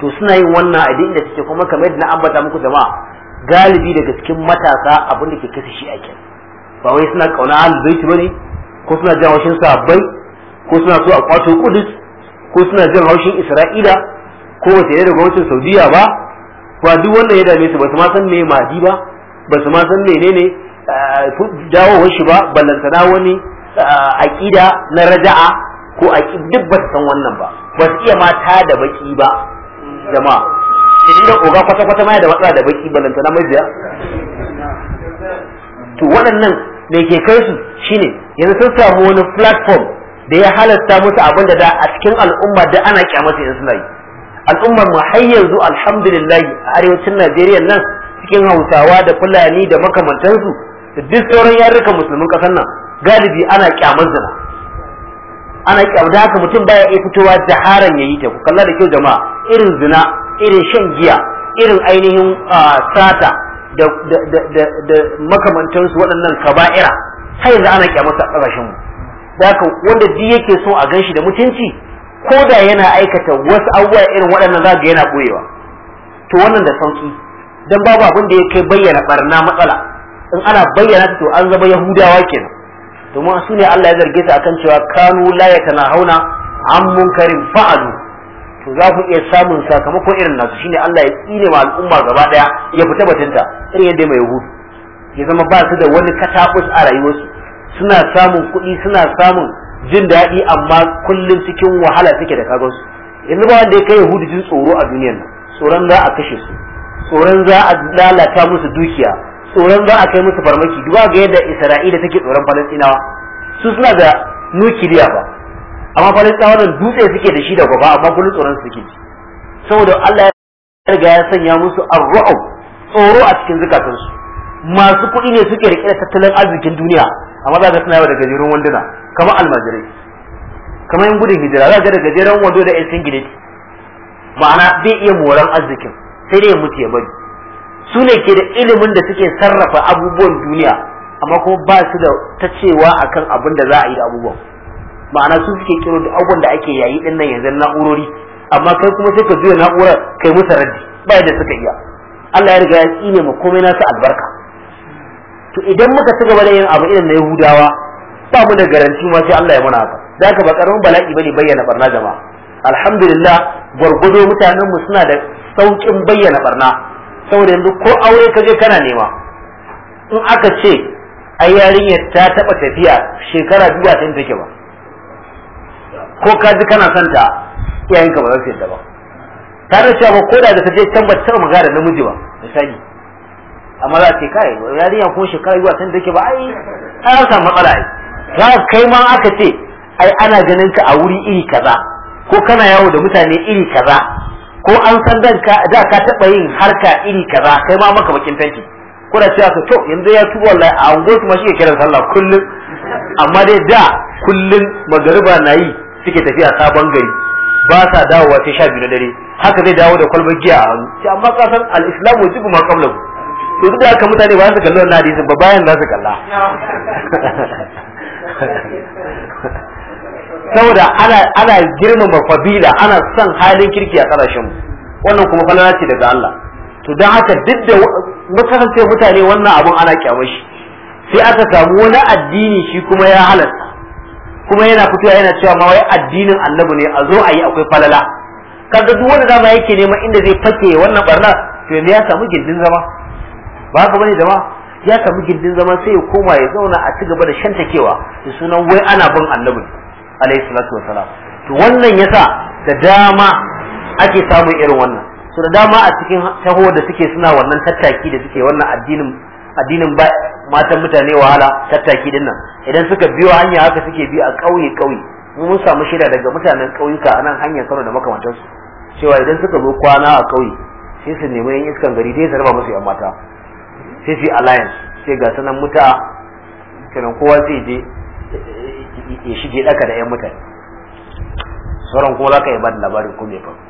to suna yin wannan a addinin da suke kuma kamar yadda na ambata muku jama'a galibi daga cikin matasa abin da ke kasa shi ake ba wai suna kauna ahlul baiti bane ko suna jin haushin sabbai ko suna so a kwato kudus ko suna jin haushin isra'ila ko wata yadda gwamnatin saudiya ba ba duk wanda ya dame su ba su ma san me Madi ba ba su ma san menene eh, dawowar shi ba ballantana wani eh, aƙida na raja'a ko a duk ba san wannan ba ba su iya mata da baki ba jama'a shi da oga kwata kwata ma da matsala da baki balanta mai biya to waɗannan da ke kai su shine yanzu sun samu wani platform da ya halatta musu abin da da a cikin al'umma da ana kyamata yanzu na yi al'ummar mu har yanzu alhamdulillah a arewacin Najeriya nan cikin Hausawa da Fulani da makamantansu da duk sauran yarurrukan musulmin ƙasar nan galibi ana kyamar zina ana kyamar da haka mutum baya iya fitowa jaharan yayi ta ku kalla da kyau jama'a irin zina irin shan giya irin ainihin sata da makamantansu waɗannan kaba'ira har yanzu ana kyamata a ƙasashenmu da haka wanda duk yake so a ganshi da mutunci ko da yana aikata wasu abubuwa irin waɗannan za ga yana ɓoyewa to wannan da sauki dan babu abin da ya kai bayyana barna matsala in ana bayyana ta to an zama yahudawa kenan domin su ne Allah ya zarge su akan cewa kanu la yatanahuna an munkarin fa'alu to za ku iya samun sakamakon irin nasu shine Allah ya tsine ma al'umma gaba ɗaya ya fita batunta irin yadda mai yahudu ya zama ba su da wani katakus a rayuwarsu suna samun kuɗi suna samun jin daɗi amma kullum cikin wahala suke da su yanzu ba wanda ya kai yahudu jin tsoro a duniyar nan tsoron za a kashe su tsoron za a lalata musu dukiya tsoron za a kai musu farmaki duba ga yadda isra'ila take tsoron falastinawa su suna da nukiliya ba amma falistawa da dutse suke da shi da gaba amma kullu tsoron suke saboda Allah ya riga ya sanya musu ar tsoro a cikin su masu kuɗi ne suke rike da tattalin arzikin duniya amma za ka suna yawa da gajerun wanduna kamar almajirai kamar in gudun hijira za ka da gajeren wando da yan singileti ma'ana zai iya moran arzikin sai dai ya mutu ya bari su ne ke da ilimin da suke sarrafa abubuwan duniya amma kuma ba su da ta cewa akan abin da za a yi da abubuwan ma'ana su suke kiro da abubuwan da ake yayi din nan yanzu na'urori amma kai kuma sai ka juya na'urar kai musu raddi ba yadda suka iya Allah ya riga ya tsine mu komai nasu albarka to idan muka ci gaba da yin abu irin na Yahudawa ba mu da garanti ma sai Allah ya muna haka da ka ba karamin bala'i bane bayyana barna jama'a alhamdulillah gwargwado mutanen mu suna da saukin bayyana barna saboda yanzu ko aure ka je kana nema in aka ce ai yarinyar ta taba tafiya shekara biyu ba ta take ba ko ka ji kana son ta iyayenka ba za su yadda ba ta da cewa ko da ta je can ba ta maga da namiji ba misali amma za a ce kai yarinya ko shekara zuwa san da yake ba ai an samu matsala ai za kai ma aka ce ai ana ganin ka a wuri iri kaza ko kana yawo da mutane iri kaza ko an san dan ka da ka taba yin harka iri kaza kai ma maka bakin tanki ko da cewa to yanzu ya tuba wallahi a angon ma shi ke kiran sallah kullum amma dai da kullum magariba na yi suke tafiya sabon gari ba sa dawowa sai sha biyu na dare haka zai dawo da kwalba giya a hannu amma ka san al-islamu wajibu ma qablahu to duk da haka mutane ba su kalli wannan hadisin ba bayan za su kalla saboda ana ana girmama fabila ana son halin kirki a kasashen mu wannan kuma falala ce daga Allah to dan haka duk da makasance mutane wannan abun ana kyamar shi sai aka samu wani addini shi kuma ya halatta kuma yana fitowa yana cewa ma wai addinin annabi ne a zo a yi akwai falala kaga duk wanda dama yake nema inda zai fake wannan barna to me ya samu gindin zama ba haka bane jama'a ya samu gindin zama sai ya koma ya zauna a ci gaba da shantakewa da sunan wai ana bin annabi alayhi salatu wasalam to wannan yasa da dama ake samun irin wannan to da dama a cikin taho da suke suna wannan tattaki da suke wannan addinin addinin ba matan mutane wahala tattaki din nan idan suka biyo hanya haka suke bi a ƙauye ƙauye mun samu shida daga mutanen ƙauyuka a nan hanyar Kano da su, cewa idan suka zo kwana a ƙauye sai su nemi yan iskan gari dai zarba musu yan mata sai su alliance sai ga sanan muta kiran kowa zai je ya shige daka da yan mutane sauran kuma za ka yi ba da labarin kuma ya faru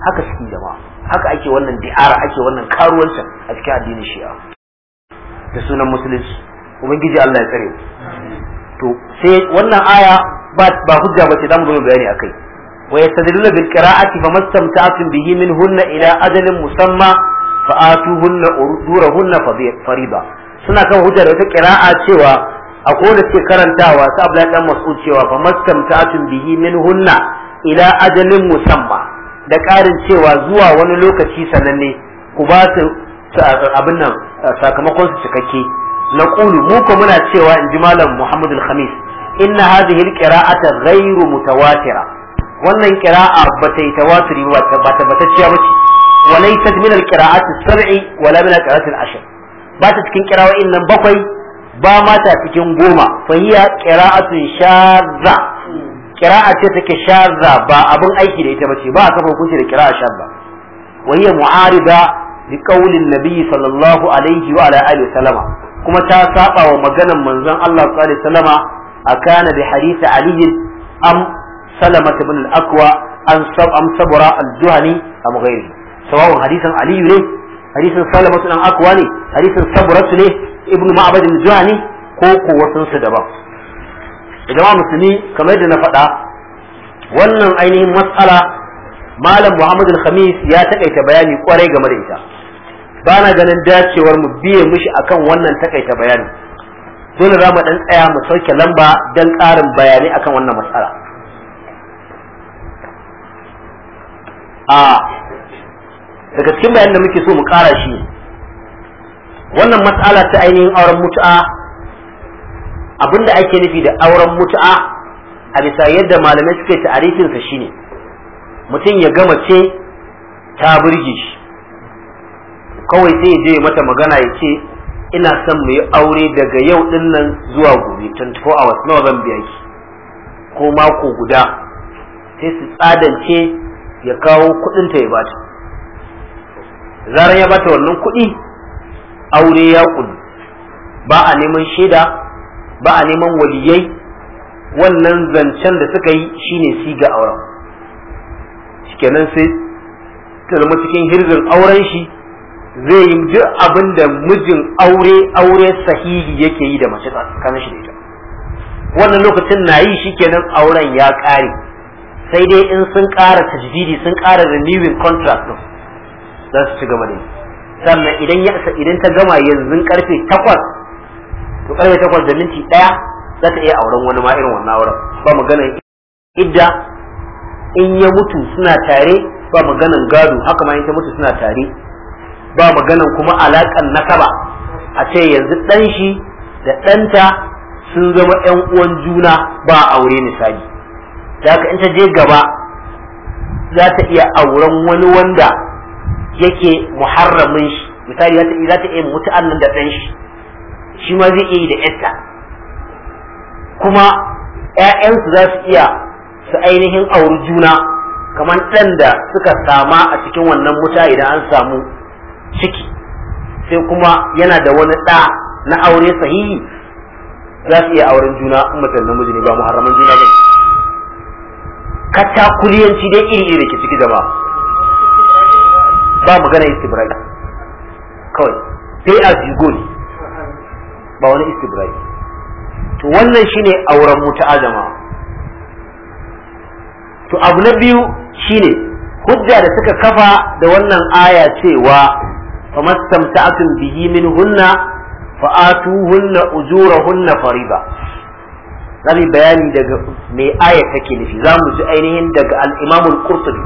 haka suke jama'a haka ake wannan di'ara ake wannan karuwancin a cikin addinin shi'a da sunan musulunci ubangiji Allah ya tsare to sai wannan aya ba ba hujja bace zamu zo bayani akai wa yastadilluna bil qira'ati famastamta'tum bihi minhunna ila ajalin musamma fa'atuhunna urudurahunna fariba suna kan hujja da wata qira'a cewa a kowane suke karantawa sa Abdullahi dan Mas'ud cewa famastamta'tum bihi minhunna ila ajalin musamma da ƙarin cewa zuwa wani lokaci sananne ku ba su abin nan eh, sakamakon su cikakke na ƙulu mu ko muna cewa in ji malam muhammadu khamis inna hadhihi al-qira'ata ghayru mutawatira wannan qira'a ba ta yi ba ta batacciya ba ce walaysat min al as-sab'i wala min al al-ashr ba ta cikin qira'o'in nan bakwai ba ma ta cikin goma fa hiya qira'atun shadza kira'a ce take shazza ba abin aiki da ita ba ce ba a kafa hukunci da kira'a shazza wa hiya mu'arida li qawlin nabiy sallallahu alaihi wa ala alihi sallama kuma ta saba wa maganar manzon Allah sallallahu alaihi sallama akana bi hadith ali am salama ibn al-aqwa an sab am sabra al-juhani am ghairi sawa'un hadisan ali ne hadisan salama ibn al-aqwa ne hadisan sabra ne ibn ma'bad al-juhani ko ko wasan su daban jama'a musulmi kamar yadda na faɗa wannan ainihin matsala malam muhammadu khamis ya takaita bayani kwarai game da ita ba na ganin dacewar mu biye mishi akan wannan takaita bayani dole za mu ɗan tsaya mu sauke lamba don ƙarin bayani akan wannan matsala a daga cikin bayanin da muke so mu ƙara shi wannan matsala ta ainihin auren mutu'a abinda ake nufi da auren mutu'a a bisa yadda malamai suke ta'arifinsa shine mutum ya gama ce ta burge shi kawai sai ya je mata magana ya ce ina son mu yi aure daga yau din nan zuwa gobe 24 hours nawa zan biya ki ko mako guda sai su tsadance ya kawo kudin ta ya bata zaran ya bata wannan kudi aure ya kudu ba a neman shaida ba a neman waliyai wannan zancen da suka yi shine ga auren shikenan sai ta zama cikin hirzin auren shi zai yi duk abin mijin aure aure sahihi yake yi da mace kan shi da ita wannan lokacin na yi shikenan auren ya kare sai dai in sun ƙara tajdidi sun ƙara renewing contract din za su ci gaba da yi sannan idan ya idan ta gama yanzu karfe takwas to karfe takwas da minti ɗaya za ta iya auren wani ma irin wannan auren ba maganan idda in ya mutu suna tare ba maganan gado haka ma in ta mutu suna tare ba maganan kuma alakan nasaba a ce yanzu ɗanshi shi da ɗanta sun zama yan uwan juna ba aure misali da haka in ta je gaba za ta iya auren wani wanda yake muharramin shi misali za ta iya mutu'an annan da ɗanshi. shi shi ma zai iya yi da yarsa kuma ‘ya'yansu za su iya su ainihin auri juna kamar ɗan da suka sama a cikin wannan wuta idan an samu ciki sai kuma yana da wani ɗa na aure sahihi za su iya auren juna in mutum namiji ne ba muharraman juna ba kuliyanci dai iri iri da ke ciki jama ba magana istibrai kawai sai a jigo ba wani istibrai to wannan shine auren ta jama'a to abu na biyu shine hujja da suka kafa da wannan aya cewa famastamta'atun bihi min hunna fa'atuhunna ujurahunna fariba zami bayani daga me aya take nufi za mu ji ainihin daga al-Imam al-Qurtubi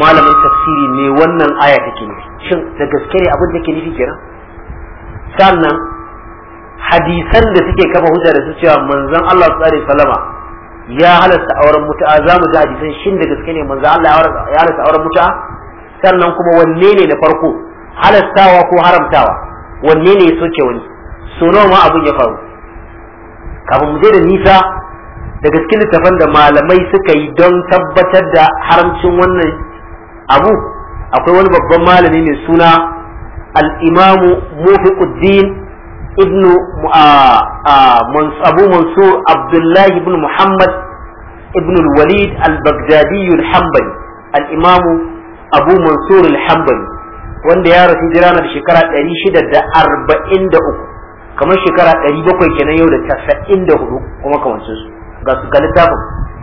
malamin tafsiri ne wannan aya take nufi shin da gaske ne abin da ke nufi kenan sannan hadisan da suke kafa hujja da su cewa manzon Allah sallallahu alaihi wasallama ya halasta auren mutu'a za mu ji hadisan shin da gaske ne manzon Allah ya halasta auren mutu'a sannan kuma wanne ne na farko halastawa ko haramtawa wanne ne ya soke wani so ma abun ya faru kafin mu je da nisa da gaske littafan da malamai suka yi don tabbatar da haramcin wannan abu akwai wani babban malami mai suna al-imamu mufiquddin ابن أبو منصور عبد الله بن محمد ابن الوليد البغدادي الحنبلي الإمام أبو منصور الحنبلي wanda ya rasu jira na shekara 643 kamar shekara 700 kenan yau da 94 kuma kawancin su ga su ga littafin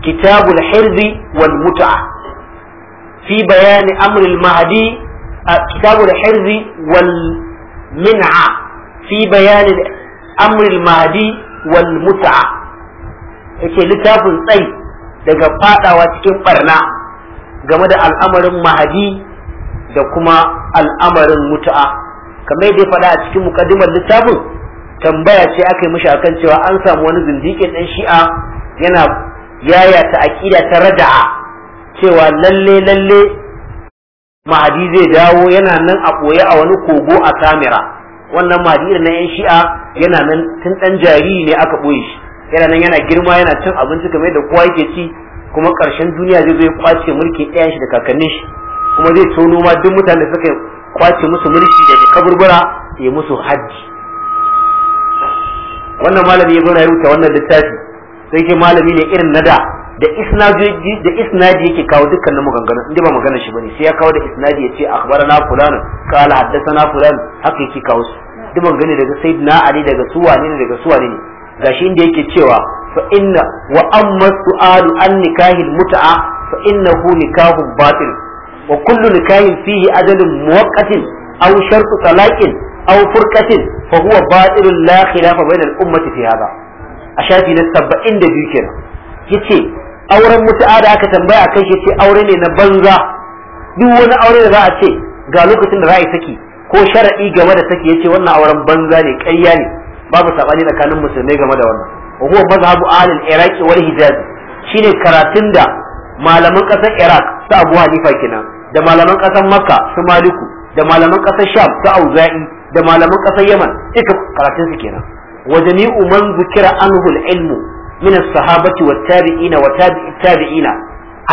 kitabul hirzi wal mut'a fi bayani amril mahdi kitabul hirzi wal min'a fi bayanin amril mahdi wal mut'a yake littafin tsai daga fadawa cikin barna game da al'amarin mahadi da kuma al'amarin mut'a kamar yadda ya faɗa a cikin mukaddimar littafin tambaya ce aka yi mishi akan cewa an samu wani zindiƙin ɗan shi'a yana yaya ta aƙida ta rada'a cewa lalle lalle mahadi zai dawo yana nan a ɓoye a wani kogo a kamera wannan madina na yan shi'a yana nan tun dan jariri ne aka boye shi yana nan yana girma yana cin abinci kamar da kowa yake ci kuma karshen duniya zai zo ya kwace mulki ɗayan shi da kakannin shi kuma zai tono ma duk mutanen da suka kwace musu mulki da kaburbura ya musu hajji wannan malami ya zo na rubuta wannan littafi sai ke malami ne irin na da da isnadi da isnadi yake kawo dukkanin maganganu inda ba magana shi bane sai ya kawo da isnadi yace akhbarana fulan qala haddathana fulan haka yake kawo su duk gani daga sayyidina ali daga suwane ne daga suwane ne gashi inda yake cewa fa inna wa amma su'alu an nikahil mutu'a fa innahu nikahun batil wa kullu nikahin fihi ajalin muwaqqatin aw shartu talaqin aw furqatin fa huwa batilun la khilafa bainal ummati fi hadha a shafi na 72 kenan yace auren mutu'a da aka tambaya akai yace aure ne na banza duk wani aure da za a ce ga lokacin da za a yi saki ko sharadi game da take yace wannan auren banza ne ƙarya ne babu sabani tsakanin musulmai game da wannan wa huwa mazhabu ahlul iraqi wal hijaz shine karatun da malaman ƙasar iraq su abu hanifa kenan da malaman ƙasar makka su maliku da malaman ƙasar sham su auza'i da malaman ƙasar yaman duka karatun su kenan wa jami'u man zukira anhu ilmu min as-sahabati wat tabi'ina wa tabi'i tabi'ina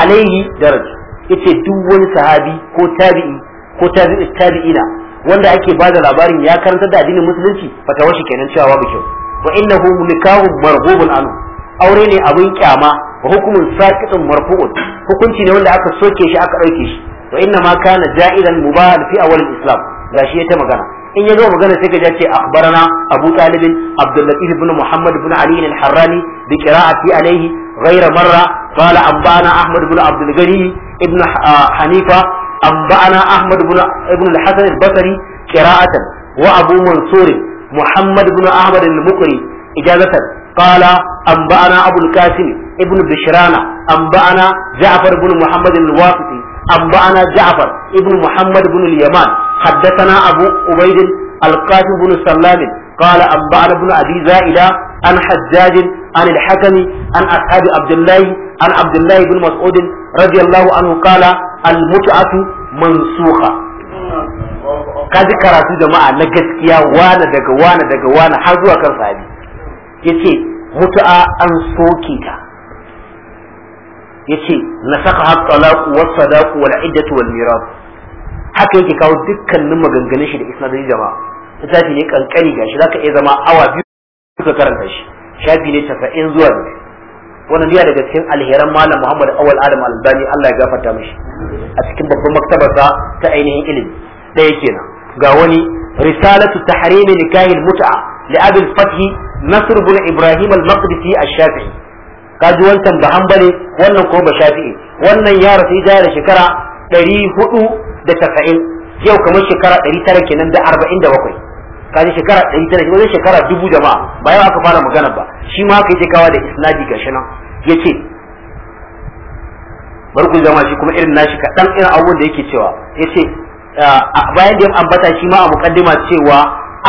alaihi daraja yace duk wani sahabi ko tabi'i ko tabi'i tabi'ina wanda ake bada labarin ya karanta da addinin musulunci fatawar shi kenan cewa babu kyau wa innahu nikahu marghubun anhu aure ne abin kyama wa hukumun saqitun marfu'un hukunci ne wanda aka soke shi aka dauke shi wa inna ma kana ja'ilan mubahan fi awal islam gashi ya ta magana in ya zo magana sai ka ja ce akhbarana abu talib abdul latif ibn muhammad ibn ali al-harrani bi qira'ati alayhi ghayra marra qala anbana ahmad ibn abdul ghani ibn hanifa أنبأنا أحمد بن ابن الحسن البصري قراءة وأبو منصور محمد بن أحمد المقري إجازة قال أنبأنا أبو القاسم ابن بشرانة أنبأنا جعفر بن محمد الواسطي أنبأنا جعفر ابن محمد بن اليمان حدثنا أبو عبيد القاسم بن سلام قال أنبأنا بن أبي زائدة عن حجاج عن الحكم عن أصحاب عبد الله عن عبد الله بن مسعود رضي الله عنه قال almutu'atu mansuha ji karatu jama'a na gaskiya wane daga wane daga wane har zuwa kan sahabi yace mutu'a an soke ta yace nasaka at-talaq wa sadaq wal iddatu wal miras haka yake kawo dukkanin maganganun shi da isnadin jama'a tafi ne kankani gashi zaka iya zama awa biyu ka karanta shi shafi ne 90 zuwa wannan biya daga cikin alheran malam Muhammad Awal Adam albani Allah ya gafarta mishi a cikin babban maktabarsa ta ainihin ilimi ɗaya kenan ga wani risalatu tahrim nikahil mut'a li Abi al-Fath Nasr ibn Ibrahim al-Maqdisi ash-Shafi'i wancan ba hanbali wannan ko ba Shafi'i wannan ya rasu da shekara 490 yau kamar shekara 900 kenan da 47 shekara wajen shekara dubu jama'a ba yau aka fara magana ba shi ma aka yi kawa da isnadi gashi nan yace bar ku zama shi kuma irin nashi kaɗan irin abubuwan da yake cewa ce ah, bayan da ya ambata shi ma a mukaddima cewa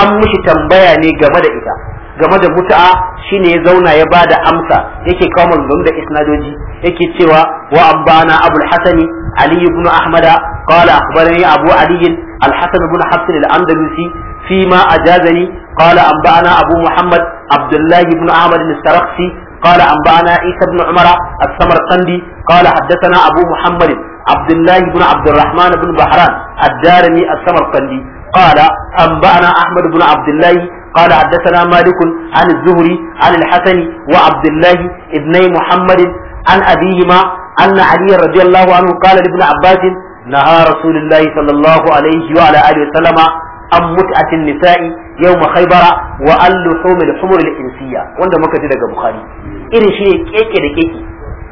an mushi tambaya ne game da ita game da mutu'a shine ya zauna ya bada amsa yake kawo manzon da isnadoji yake cewa wa abbana abul hasani ali ibn ahmada qala akhbarani abu ali الحسن بن حفص الأندلسي فيما أجازني قال أنبأنا أبو محمد عبد الله بن أحمد السرقسي قال أنبأنا عيسى بن عمر السمرقندي قال حدثنا أبو محمد عبد الله بن عبد الرحمن بن بحران الدارمي السمرقندي قال أنبأنا أحمد بن عبد الله قال حدثنا مالك عن الزهري عن الحسن وعبد الله ابني محمد عن أبيهما أن علي رضي الله عنه قال لابن عباس نهى رسول الله صلى الله عليه وعلى آله وسلم an mut'atin nisa'i ma khaybara wa an luhumil humur al-insiyya wanda muka ji daga bukhari irin shi ne keke da keke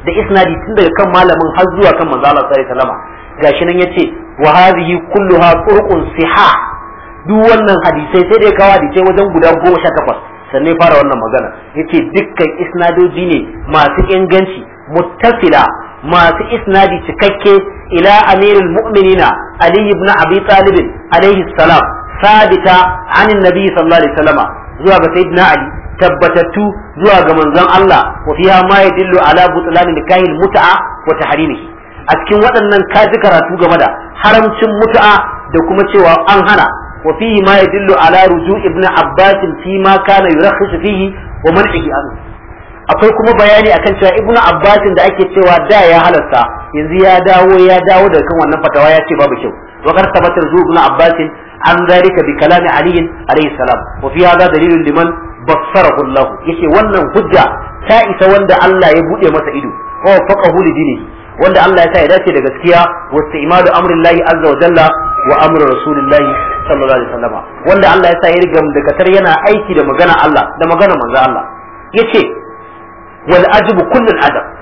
da isnadi tun daga kan malamin har zuwa kan manzo Allah sallallahu alaihi wasallam gashi nan yace wa hadhihi kulluha turqun siha duk wannan hadisai sai dai kawo hadisai wajen guda goma sha takwas sannan fara wannan magana yace dukkan isnadoji ne masu inganci muttasila masu isnadi cikakke ila amirul mu'minina ali ibn abi talib alaihi salam sabita anin nabi sallallahu alaihi wasallama zuwa ga sayyidina ali tabbatattu zuwa ga manzon Allah wa fiha ma yadullu ala butlan nikahi mut'a wa tahrimihi a cikin waɗannan ka karatu game da haramcin mutu'a da kuma cewa an hana wa fihi ma yadullu ala ruju ibnu abbas fi ma kana yurakhisu fihi wa man'ihi anhu akwai kuma bayani akan cewa ibnu Abbasin da ake cewa da ya halasta yanzu ya dawo ya dawo daga kan wannan fatawa ya ce babu kyau وقد ثبت رزوق ابن عباس عن ذلك بكلام علي عليه السلام وفي dalilin liman لمن بصره الله يشي wannan hujja ta isa wanda Allah ya bude masa ido ko faqahu li dini wanda Allah ya sa ya dace da gaskiya wa istimadu amrillahi azza wa jalla wa sallallahu alaihi wasallam wanda Allah ya sa ya riga da yana aiki da magana Allah da magana manzo Allah yace wal ajbu kullun adab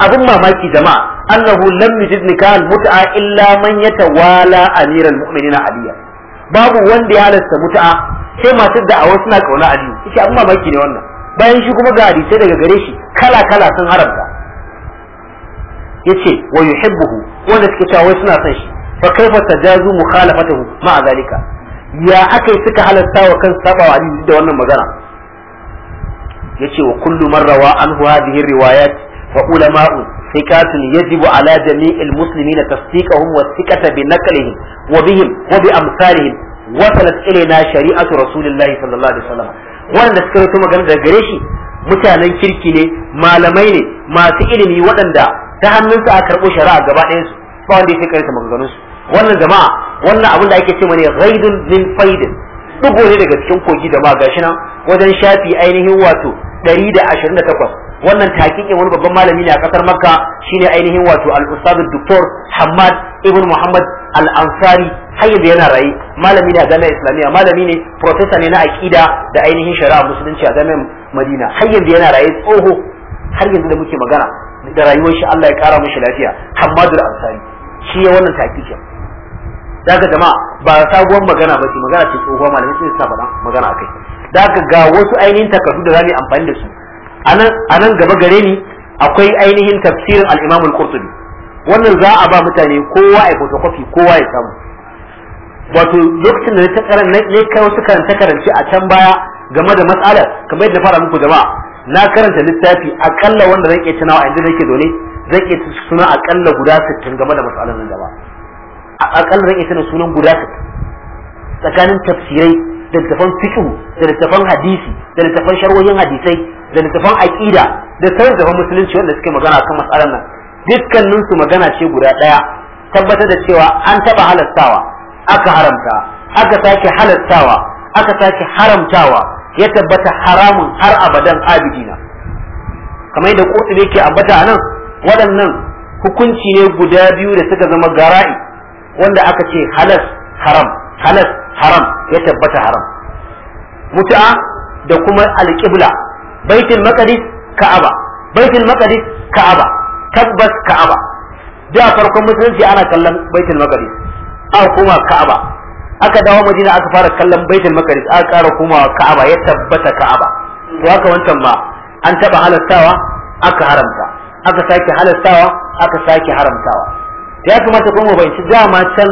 abin mamaki jama'a annahu lam yujid nikah mut'a illa man yatawala amiral mu'minina aliya babu wanda ya halasta mut'a sai masu da'awa suna kauna ali yace abin mamaki ne wannan bayan shi kuma ga hadisi daga gare shi kala kala sun haramta yace wa yuhibbuhu wanda suke cewa wai suna son shi fa kaifa tajazu mukhalafatuhu ma zalika ya akai suka halarta wa kan saba wa ali da wannan magana yace wa kullu marrawa rawa anhu hadhihi riwayat wa ulama'u thiqatun yajibu ala jami'il muslimina tasdiqahum wa thiqata bi naqlihim wa bihim wa bi amsalihim wasalat ilaina shari'atu rasulillahi sallallahu alaihi wasallam wanda suka rawaito magana daga gare shi mutanen kirki ne malamai ne masu ilimi waɗanda ta hannunsu a karɓo shari'a gaba ɗayan su ba wanda yake karanta maganganun su wannan jama'a wannan abin da ake ce mane ghaidun min faidin dugo ne daga cikin kogi da ma gashi nan wajen shafi ainihin wato ɗari da 128 wannan takikin wani babban malami ne a kasar makka shine ainihin wato al-ustad doktor hamad ibn muhammad al-ansari har yanzu yana raye malami ne a jami'ar islamiyya malami ne professor ne na aqida da ainihin shari'a musulunci a jami'ar madina har yanzu yana raye tsoho har yanzu da muke magana da rayuwar shi Allah ya kara mishi lafiya hamadul ansari shi ya wannan takikin daga jama'a ba sabuwar magana ba ce magana ce tsohuwa malamai sun sa faɗa magana akai daga ga wasu ainihin takardu da za mu yi amfani da su a nan gaba gare ni akwai ainihin tafsirin al-imam al-qurtubi wannan za a ba mutane kowa ya photocopy kowa ya samu wato lokacin da na kai wasu karanta karanci a can baya game da matsalar kamar yadda fara muku jama'a na karanta littafi akalla wanda zan iya tunawa yanzu nake dole zan iya suna akalla guda 60 game da matsalar nan gaba akalla zan iya tunawa sunan guda 60 tsakanin tafsirai da littafan fiqh da littafan hadisi da littafan sharhohin hadisai da littafan aqida da sauran musulunci wanda suke magana kan matsalar nan dukkaninsu magana ce guda ɗaya, tabbatar da cewa an taɓa halastawa aka haramta aka sake halastawa aka sake haramtawa ya tabbata haramun har abadan abidina kamar yadda kotu yake ambata anan waɗannan hukunci ne guda biyu da suka zama gara'i wanda aka ce halas haram halas haram ya tabbata haram mutu'a da kuma alƙibla baitul maqdis ka'aba baitul maqdis ka'aba tabbas ka'aba da farkon musulunci ana kallon baitul maqdis aka kuma ka'aba aka dawo madina aka fara kallon baitul maqdis aka ƙara kuma ka'aba ya tabbata ka'aba to haka wancan ma an taba halastawa aka haramta aka sake halastawa aka sake haramtawa ya kamata kuma mu bayanci dama can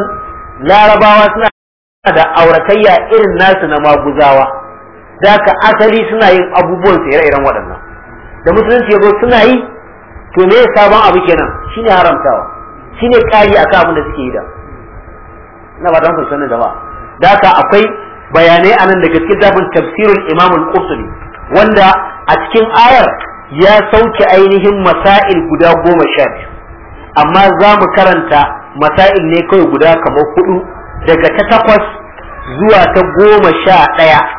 larabawa suna da auratayya irin nasu na maguzawa da ka asali suna yin abubuwan su ire-iren waɗannan da musulunci yazo suna yi to me sabon abu kenan shine haramtawa shine kari akan abin da suke yi da na ba dan sunan da ba da akwai bayanai anan daga cikin zafin tafsirin Imam Al-Qurtubi wanda a cikin ayar ya sauke ainihin masail guda goma sha biyu amma za mu karanta masail ne kawai guda kamar hudu daga ta takwas zuwa ta goma sha ɗaya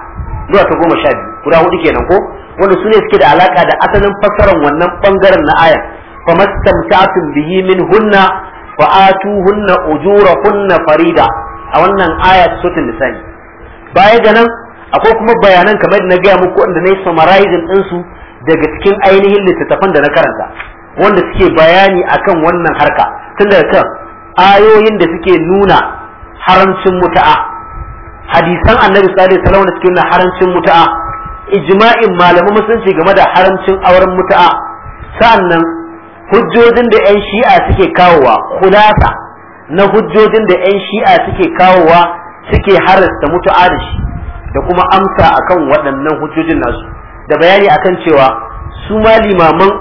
zuwa ta goma sha biyu guda hudu kenan ko wanda su ne suke da alaka da asalin fassarar wannan bangaren na aya fa mastamta'tum bihi min hunna fa atuhunna ujurahunna farida a wannan aya ta da lisani baya ga nan akwai kuma bayanan kamar da na gaya muku wanda na yi summarizing su daga cikin ainihin littattafan da na karanta wanda suke bayani akan wannan harka tun daga kan ayoyin da suke nuna haramcin muta'a hadisan annabi sallallahu alaihi wasallam cikin na harancin haramcin mutu'a ijma'in malaman musulunci game da haramcin auren mutu'a sa'annan hujjojin da yan shi'a suke kawowa kulasa na hujjojin da yan shi'a suke kawowa suke harasta mutu'a da shi da kuma amsa akan waɗannan hujjojin nasu da bayani akan cewa su ma limaman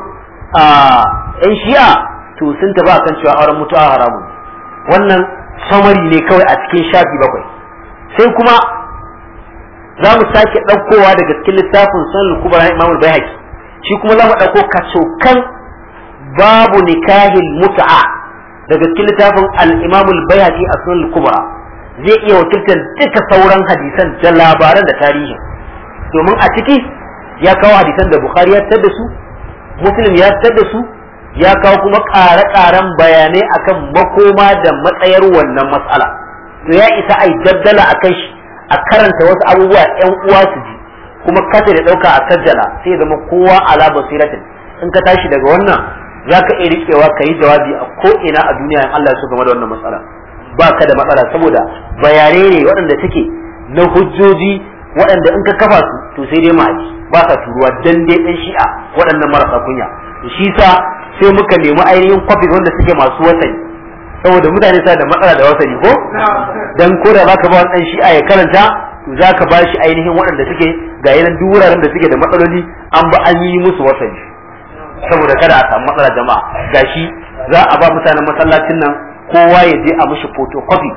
yan shi'a to sun tafi akan cewa auren mutu'a haramun wannan samari ne kawai a cikin shafi bakwai sai kuma za mu sake ɗaukowa daga cikin littafin sunan kubra na imamul bayhaqi shi kuma za mu ɗauko kacokan babu nikahin muta'a daga cikin littafin al-imamul bayhaqi a sunan kubra zai iya wakiltar duka sauran hadisan da labaran da tarihin domin a ciki ya kawo hadisan da bukhari ya fitar su muslim ya tada su ya kawo kuma ƙare-ƙaren bayanai akan makoma da matsayar wannan matsala to ya isa ai daddala a kai shi a karanta wasu abubuwa yan uwa su ji kuma kasa da dauka a kajjala sai zama kowa ala basiratin in ka tashi daga wannan zaka iya rikewa ka yi jawabi a ko ina a duniya in Allah ya so game da wannan matsala ba ka da matsala saboda bayare ne waɗanda suke na hujjoji waɗanda in ka kafa su to sai dai ma'aji ba ka turuwa dan dai ɗan shi'a waɗannan marasa kunya shi sa sai muka nemi ainihin kwafi wanda suke masu wasani saboda mutane sa da matsala da wasani ko dan ko da zaka ba wa dan shi'a ya karanta to zaka ba shi ainihin waɗanda suke ga yanan duk wuraren da suke da matsaloli an ba an yi musu wasani saboda kada a samu matsala jama'a gashi za a ba mutanen masallacin nan kowa ya je a mishi photocopy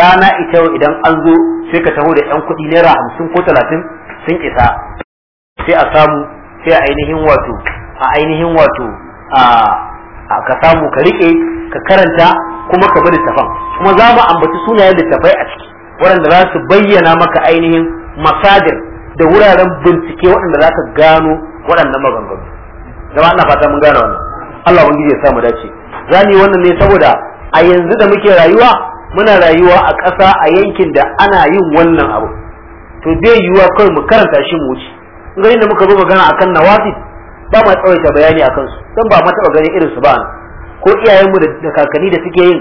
rana ita idan an zo sai ka taho da yan kuɗi naira hamsin ko talatin sun isa sai a samu sai a ainihin wato a ainihin wato a ka samu ka rike ka karanta kuma ka bari tafan kuma za mu ambaci sunayen littafai a ciki waɗanda za su bayyana maka ainihin masadir da wuraren bincike waɗanda za ka gano waɗannan maganganu zama ana fata mun gane wannan Allah ubangiji ya mu dace za mu yi wannan ne saboda a yanzu da muke rayuwa muna rayuwa a ƙasa a yankin da ana yin wannan abu to bai yiwuwa kawai mu karanta shi mu wuce in da muka zo magana akan nawafi ba ma tsawaita bayani akan su dan ba ma taɓa ganin irin su ba ko iyayenmu da kakanni da suke yin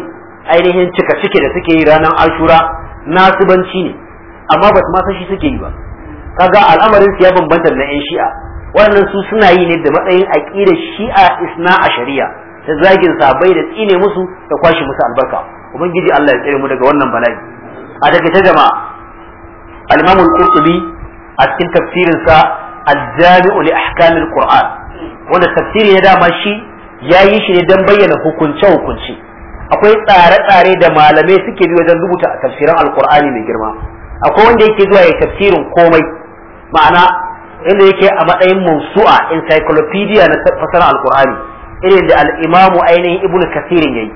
ainihin cika cike da suke yi ranar ashura banci ne amma ba su ma san shi suke yi ba kaga al'amarin su ya bambanta da yan shi'a wannan su suna yi ne da matsayin aqidar shi'a isna a shari'a da zagin sabai da tsine musu da kwashe musu albarka ubangiji Allah ya tsare mu daga wannan bala'i a daga ta jama'a al-imam al-qurtubi a cikin tafsirin sa al-jami'u li ahkam quran wanda tafsiri ya dama shi ya yi shi ne don bayyana hukunce-hukunce akwai tsare-tsare da malamai suke bi wajen rubuta a tafsirin alkur'ani mai girma akwai wanda yake zuwa ya tafsirin komai ma'ana inda yake a matsayin mansu'a encyclopedia na fasara alkur'ani irin da al'imamu ainihin ibnu kasirin yayi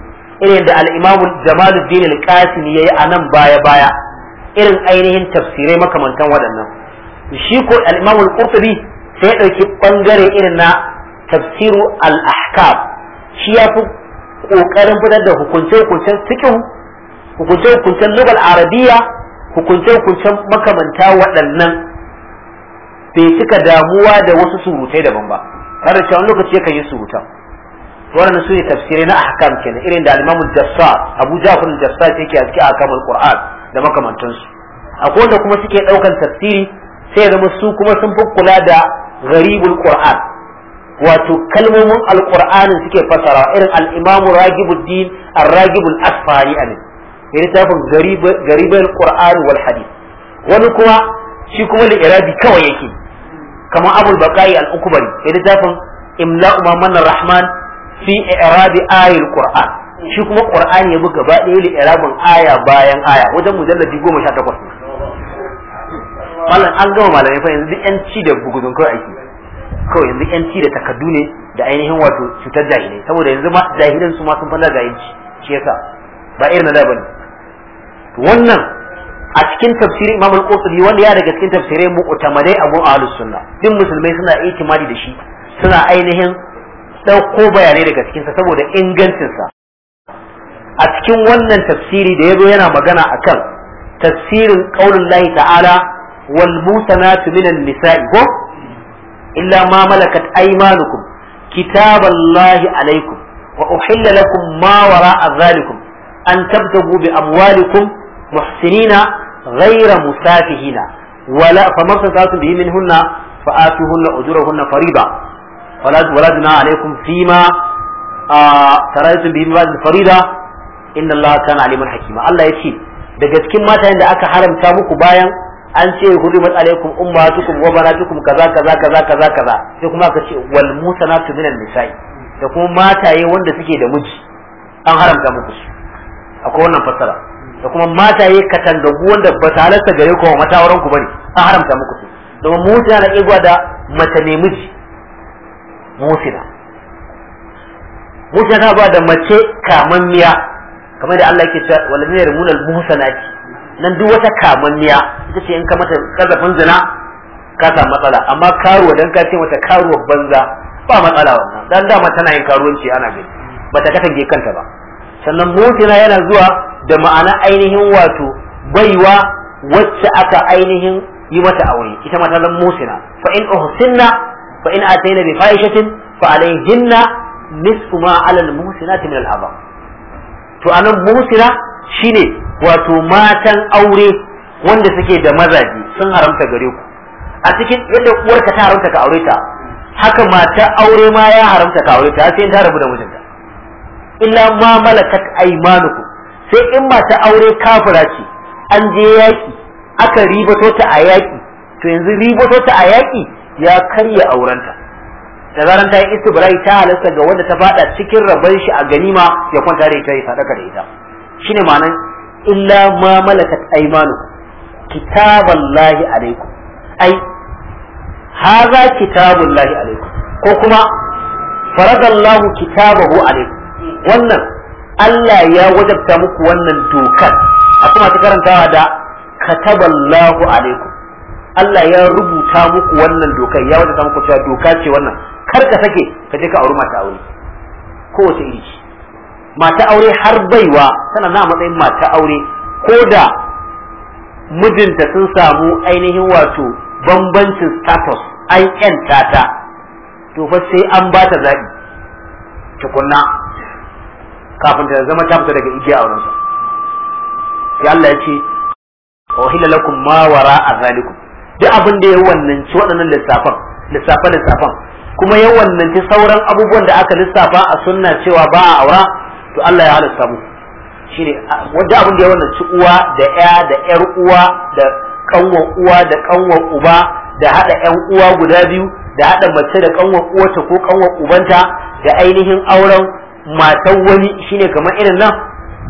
irin da al'imamu jamaluddin al-qasimi yayi a nan baya baya irin ainihin tafsirai makamantan waɗannan shi ko al'imamu al-qurtubi sai ya ɗauki ɓangare irin na tafsiru al-ahkam shi ya fi kokarin fitar da hukunce-hukuncen fiqh hukunce-hukuncen lugal arabiya hukunce-hukuncen makamanta waɗannan bai cika damuwa da wasu surutai daban ba har da lokaci yakan yi surutan wannan su ne tafsirai na ahkam kenan irin da al-imamu jassa abu jafar jassa yake a cikin Kur'an qur'an da makamantansu akwai wanda kuma suke ɗaukan tafsiri sai zama su kuma sun fi kula da gharibul qur'an wato kalmomin alqur'anin suke fasara irin al-imamu ragibuddin ar-ragibul asfari amin ya littafin garibin qur'an wal hadith wani kuma shi kuma da irabi kawai yake kamar abul baqai al-ukbari ya littafin imla ma manar rahman fi irabi ayil qur'an shi kuma qur'ani ya buga gaba ɗaya da irabin aya bayan aya wajen mujalladi 18 mallan an gama malamai fa yanzu duk yan ci da bugudun kai aiki kawai yanzu yanci da takardu ne da ainihin wato cutar jahilai saboda yanzu ma jahilan su ma sun da ga yanci shi yasa ba irin da bane wannan a cikin tafsirin Imam al-Qurtubi wanda ya daga cikin tafsirai utamadai abu ahlus sunna din musulmai suna itimadi da shi suna ainihin dauko bayanai daga cikin sa saboda ingancin sa a cikin wannan tafsiri da yazo yana magana akan tafsirin qaulullahi ta'ala wal mutanatu minan nisa'i ko illa ma malakat aymanukum kitaballahi alaikum wa uhilla lakum mawara wara'a zalikum an tabtagu bi amwalikum muhsinina raira musafihina wala famasatatu bihi minhunna fa'atuhunna ujurahunna fariba wala wala juna alaikum fima taraytum bihi min farida inna allaha kana aliman hakima Allah yace daga cikin matayen da aka haramta muku bayan an ce hurimat alaikum ummatukum wa banatukum kaza kaza kaza kaza kaza sai kuma ka ce wal musanatu minan nisa'i da kuma mataye wanda suke da miji an haramta muku su akwai wannan fassara da kuma mataye katangagu wanda ba ta halarta gare ku wa matawaran ku bane an haramta muku su domin musina na igwa da mace ne miji musina musina ta ba da mace kamammiya kamar da Allah yake cewa walladina yarmuna al-muhsanati nan duk wata kamanniya ita ce in ka mata kazafin zina ka samu matsala amma karuwa dan ka ce mata karuwa banza ba matsala wannan dan dama tana yin karuwanci ana gani bata katange kanta ba sannan musina yana zuwa da ma'ana ainihin wato baiwa wacce aka ainihin yi mata aure ita mata ta zan musina fa in uhsinna fa in ataina bi fahishatin fa alaihinna nisfu ma alal musinati min al to anan musina shine wato matan aure wanda suke da mazaje sun haramta gare ku a cikin yadda uwarka ta haramta ka aure ta haka mata aure ma ya haramta ka aure ta sai ta rabu da mijinta illa ma malakat aymanuku sai in mata aure kafira ce an je yaki aka ribato ta a yaki to yanzu ribato ta a yaki ya karya aurenta da zaran ta yi istibra'i ta halasta ga wanda ta fada cikin rabon shi a ganima ya kwanta da ita ya sadaka da ita shine ma'anar illa ma malakat aymanu kitaballahi alaikum ai haza kitabullahi alaikum ko kuma faradallahu kitabahu alaikum wannan Allah ya wajabta muku wannan dokar a kuma ta karantawa da kataballahu alaikum Allah ya rubuta muku wannan dokar ya wajabta muku cewa doka ce wannan kar ka sake ka je ka auri mata aure kowace iri mata aure har baiwa tana na matsayin mata aure ko da mijinta sun samu ainihin wato bambancin status an yanta ta to fa sai an ba ta zaɓi tukunna kafin ta zama ta fita daga igiya sa sai Allah ya ce ohila lakum ma wara a zalikum duk abin da ya wannan ci waɗannan lissafan lissafan lissafan kuma ya wannan ci sauran abubuwan da aka lissafa a sunna cewa ba a aura to Allah ya halatta mu shine wanda abin da ya wannan ci uwa da ya da yar uwa da kanwan uwa da kanwan uba da hada yan uwa guda biyu da hada mace da kanwan uwarta ko kanwan ubanta da ainihin auren matan wani shine kamar irin nan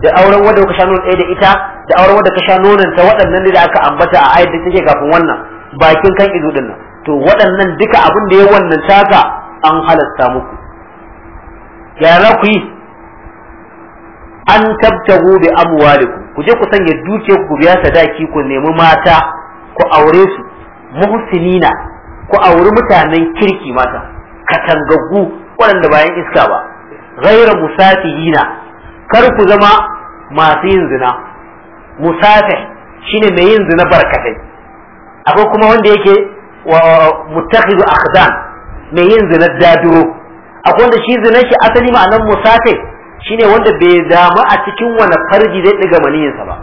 da auren wanda ka sha nonon ɗaya da ita da auren wanda ka sha nonon ta waɗannan da aka ambata a ayat take kafin wannan bakin kan izo din nan to waɗannan duka abin da ya wannan taka an halatta muku ya za ku yi an tabtahu bi amwalikum ku je ku sanya dukiyar ku biya sadaki ku nemi mata ku aure su muhsinina ku auri mutanen kirki mata katangaggu waɗanda bayan iska ba ghaira musafihina kar ku zama masu yin zina musafih shine mai yin zina barkatai akwai kuma wanda yake wa muttakhidhu akhdan mai yin zina dadiro akwai wanda shi zina shi asali ma'anar musafih shine wanda bai damu a cikin wani farji zai ɗiga maniyinsa ba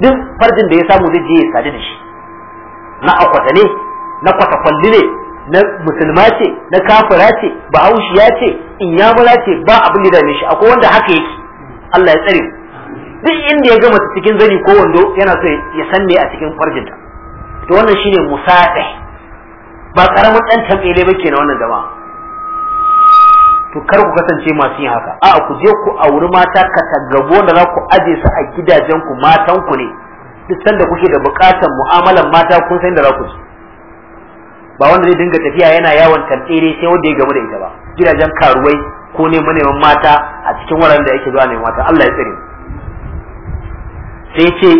duk farjin da ya samu zai je ya sadu da shi na akwata ne na kwatakwalli ne na musulma ce na kafira ce bahaushiya ce inyamura ce ba abin da dame shi akwai wanda haka yake Allah ya tsare duk inda ya gama cikin zani ko wando yana so ya san me a cikin farjinta to wannan shine musa'ih ba karamin dan tabele ba kenan wannan jama'a to kar ku kasance masu yin haka a'a ku je ku auri mata ka tagabo da za ku aje su a gidajen ku matan ku ne duk sanda kuke da bukatar mu'amalan mata kun san da za ku ci ba wanda zai dinga tafiya yana yawon tantsere sai wanda ya gamu da ita ba gidajen karuwai ko neman neman mata a cikin wuraren da yake zuwa neman mata Allah ya tsare sai ce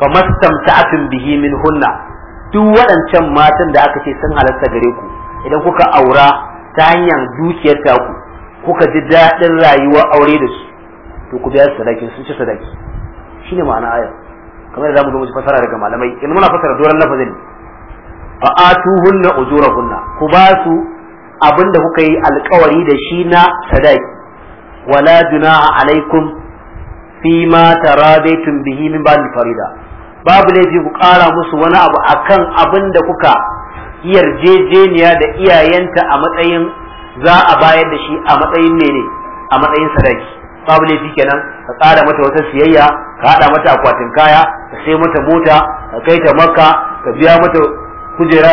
fa mastamta'atun bihi min hunna duk waɗancan matan da aka ce sun halarta gare ku idan kuka aura ta hanyar dukiyar ku kuka ji daɗin rayuwa aure da su to ku biya sadaki sun ci sadaki shine ma'ana ayar kamar da zamu zo mu fasara daga malamai in muna fasara doran lafazin fa atuhunna ujurahunna ku ba su abinda kuka yi alkawari da shi na sadaki wala junaha alaikum fima taradaitum bihi min ba'd farida babu laifi ku ƙara musu wani abu akan da kuka yarjejeniya da iyayenta a matsayin za a bayar da shi a matsayin mene a matsayin sadaki babu laifi kenan ka tsara mata wata siyayya ka hada mata akwatin kaya ka sai mata mota ka kai ta makka ka biya mata kujera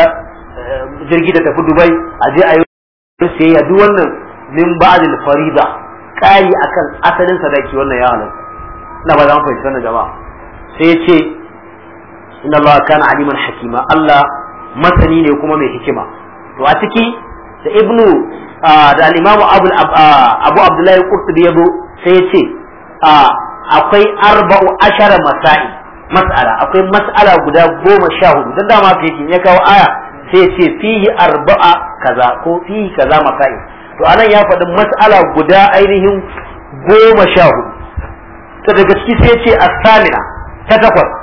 eh, jirgi da tafi dubai a je a yi siyayya duk wannan min ba'dil fariba kai akan asalin sadaki wannan ya halu ina ba za mu fahimci wannan jama'a sai ya ce inna allaha kana aliman hakima Allah masani ne kuma mai hikima to a ciki da ibnu da al abu abdullahi qurtubi yazo sai ya ce akwai arba'u ashara masa'i mas'ala akwai mas'ala guda goma sha hudu don dama ka yake ya kawo aya sai ce fihi arba'a kaza ko fihi kaza masa'i to anan ya faɗi mas'ala guda ainihin goma sha hudu to daga ciki sai ce as-samina ta takwas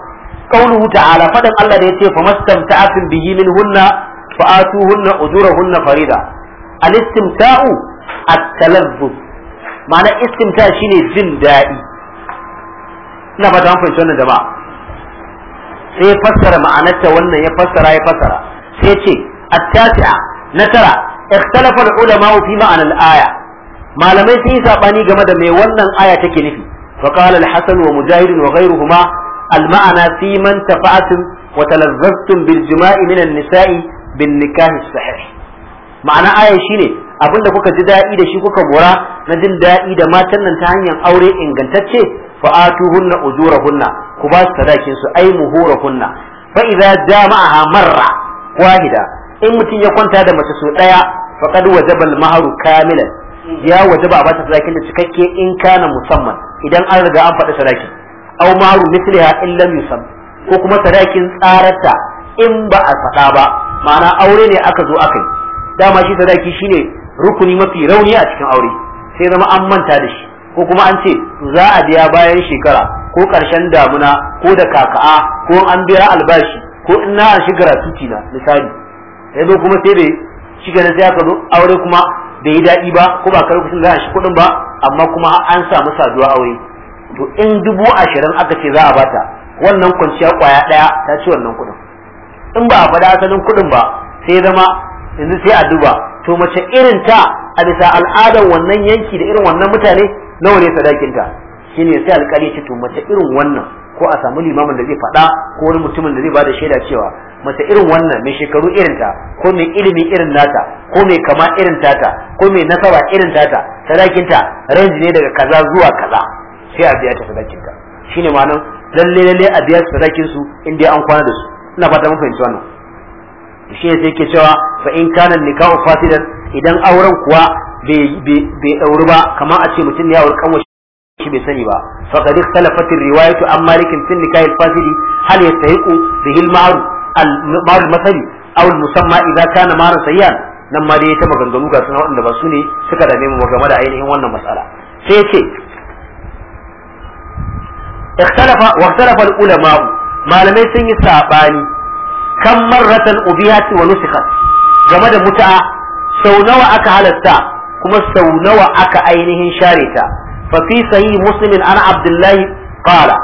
قوله تعالى فدن الله ده يتي فمستمتعتم به منهن فآتوهن أجورهن Farida. al-istimta'u at-talazzuz ma'ana istimta shine jin daɗi ina fata an fahimci wannan jama'a sai ya fassara ma'anarta wannan ya fassara ya fassara sai ce at-tasi'a na tara ikhtalafa al-ulama fi ma'an al-aya malamai sun yi sabani game da me wannan aya take nufi fa qala al-hasan wa mujahid wa ghayruhuma al-ma'ana fi man tafa'atum wa talazzaztum bil jima'i min an-nisa'i bin nikah sahih ma'ana ayan shine abinda kuka ji daɗi da shi kuka mora na jin daɗi da matan nan ta hanyar aure ingantacce fa ujura hunna ku ba su sadakin su ai hunna fa idza jama'aha marra wahida in mutum ya kwanta da mace so daya faqad wajaba al-mahru kamilan ya wajaba a ba ta sadakin da cikakke in kana musamman idan an riga an faɗi sadakin aw mahru mithliha illa yusam ko kuma sadakin tsararta in ba a faɗa ba ma'ana aure ne aka zo aka yi dama shi sadaki shine rukuni mafi rauni a cikin aure sai zama an manta da shi ko kuma an ce za a biya bayan shekara ko karshen damuna ko da kaka'a ko an biya albashi ko in na shi shiga na misali sai zo kuma sai bai shiga na sai aka zo aure kuma bai yi daɗi ba ko ba kar kusin za a shi kuɗin ba amma kuma an samu saduwa aure to in dubu ashirin aka ce za a bata wannan kwanciya kwaya ɗaya ta ci wannan kuɗin in ba a faɗa asalin kuɗin ba sai zama yanzu sai a duba to mace irin ta a bisa al'adar wannan yanki da irin wannan mutane nawa ne sadakin ta shine sai alƙali ce to mace irin wannan ko a samu limamin da zai faɗa ko wani mutumin da zai bada shaida cewa mace irin wannan mai shekaru irin ta ko mai ilimi irin nata ko mai kama irin tata ko mai nasaba irin tata sadakin ta range ne daga kaza zuwa kaza sai a biya ta sadakin ta shine ma'anar lalle lalle a biya sadakin su in dai an kwana da su ina fata mun fahimci wannan shi sai yake cewa fa in kana nikahu fasidan idan auren kuwa bai dauri ba kamar a ce mutum ya aure kanwa shi bai sani ba fa kadi ikhtalafat riwayatu an malikin tin nikah fasidi hal yastahiqu bihi al ma'ruf al ma'ruf al masali aw al musamma idza kana ma'ruf sayyan nan ma dai ta maganganu ga suna waɗanda ba su ne suka dame mu game da ainihin wannan matsala sai ce ikhtalafa wa ikhtalafa al ulama malamai sun yi sabani kan marratan ubiyati wa nusikhat game da mutu'a sau nawa aka halatta kuma sau nawa aka ainihin share ta fa fi sahih abdullahi qala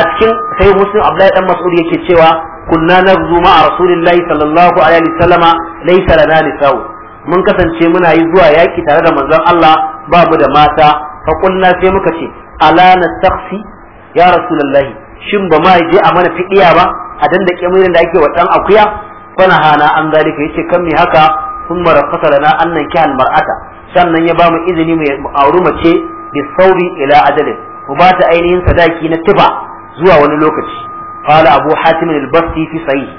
a cikin sahih muslim abdullahi dan mas'ud yake cewa kunna nazu ma rasulillahi sallallahu alaihi wasallama laysa lana nisa'u mun kasance muna yi zuwa yaki tare da manzon Allah babu da mata fa kunna sai muka ce ala taksi ya rasulullahi shin ba ma je a mana fidiya ba a dandake kemirin da ake wa dan akuya fana hana an zalika yace kan mi haka sun na lana annan kihal mar'ata sannan ya bamu izini mu auri mace bi sauri ila adalin mu ba ta ainihin sadaki na tiba zuwa wani lokaci qala abu hatim al-basti fi sahih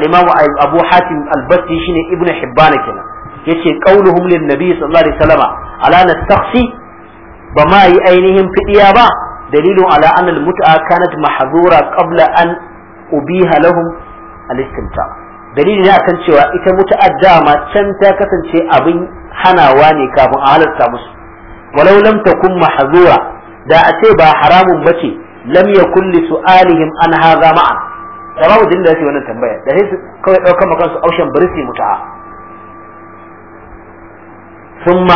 al-imam abu hatim al-basti shine ibnu hibban kenan yace qauluhum lin nabi sallallahu alaihi wasallama ala nastakhsi ba ma yi ainihin fidiya ba dalilin ala anna al-mut'a kanat mahzura qabla an أبيها لهم الاستمتاع دليلنا كان شوى إذا متأدامة كانت كثيرا أبي حناواني كابو أهل التامس ولو لم تكن محذورة دا أتيبا حرام بتي لم يكن لسؤالهم أن هذا معا تراو دين لاتي وانا تنبايا دا هيس كما كان سأوشن برسي متعا ثم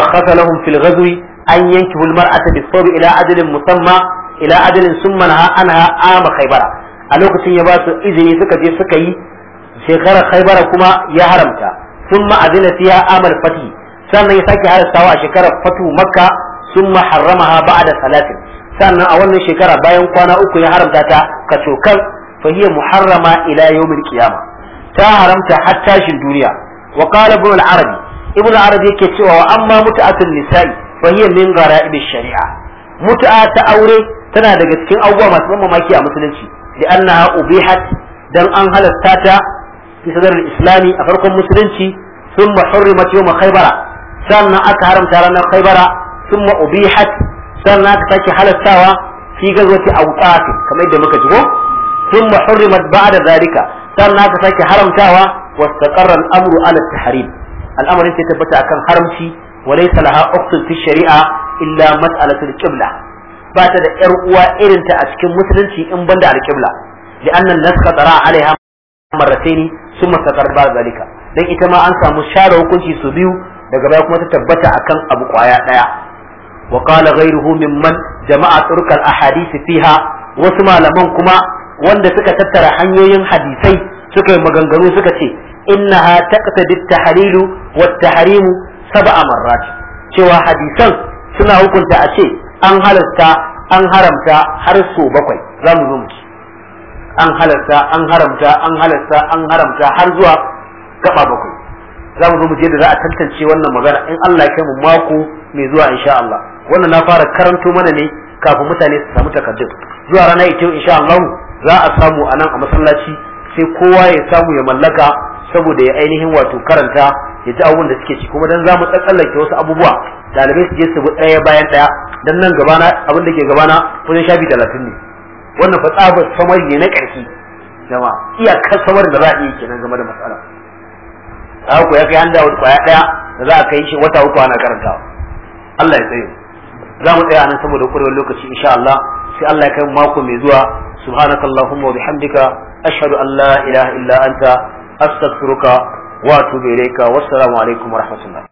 رخص لهم في الغزو أن ينكف المرأة بالصوب إلى عدل مسمى إلى عدل ثم نهى عنها آم خيبرا a lokacin ya ba su izini suka je suka yi shekarar khaibara kuma ya haramta sun ma'azina fiya amal fati sannan ya sake harastawa a shekarar fatu makka sun maharramaha ba'da salatin sannan a wannan shekara bayan kwana uku ya haramta ta kacokan fahiyar muharrama ila yawmin qiyama ta haramta har tashin duniya wa qala ibn al-arabi ibn al yake cewa wa amma mut'atun nisa'i fahiyar min gara'ib shari'a mut'a ta aure tana daga cikin abubuwa masu mamaki a musulunci da annaha ubihat dan an halatta ta fi da islami a farkon musulunci thumma hurrimat yawm khaybara sannan aka haramta ranar khaybara thumma ubihat sannan aka sake halattawa fi gazwati awqat kamar yadda muka ji ko thumma hurrimat ba'da zalika sannan aka sake haramtawa wastaqarra al-amru tahrim al'amarin sai tabbata akan haramci وليس لها أخت في الشريعة إلا مسألة القبلة ba ta da ƴar uwa irin ta a cikin musulunci in banda alƙibla li annan naska tsara alaiha marrataini masakar ba zalika dan ita ma an samu share hukunci su biyu daga baya kuma ta tabbata akan abu kwaya ɗaya wa qala ghayruhu mimman jama'a turkal ahadith fiha wasu malaman kuma wanda suka tattara hanyoyin hadisai suka yi maganganu suka ce innaha taqtadi at-tahlilu wat-tahrimu sab'a marrat cewa hadisan suna hukunta a ce an halarta an haramta har so bakwai za mu zo muke an halarta an haramta an halarta an haramta har zuwa gaba bakwai za mu zo mu je da za a tantance wannan magana in Allah ya kai mu mako mai zuwa insha Allah wannan na fara karanto mana ne kafin mutane su samu takaddun zuwa rana ita insha Allah za a samu a nan a masallaci sai kowa ya samu ya mallaka saboda ya ainihin wato karanta ya ji abubuwan da suke ci kuma dan zamu tsallake wasu abubuwa dalibai su je su bi ɗaya bayan ɗaya dan nan gabana abin da ke gabana kusan biyu talatin ne wannan fa tsabar samar ne na ƙarfi jama'a iyakar samar da za a iya kenan game da matsala haka ya kai an dawo kwaya ɗaya da za a kai shi wata uku ana karantawa Allah ya tsaye za mu tsaya nan saboda ƙwarewar lokaci insha Allah sai Allah ya kai mako mai zuwa subhanakallahumma wa bihamdika ashhadu an la ilaha illa anta astaghfiruka wa atubu ilaika wassalamu alaikum wa rahmatullah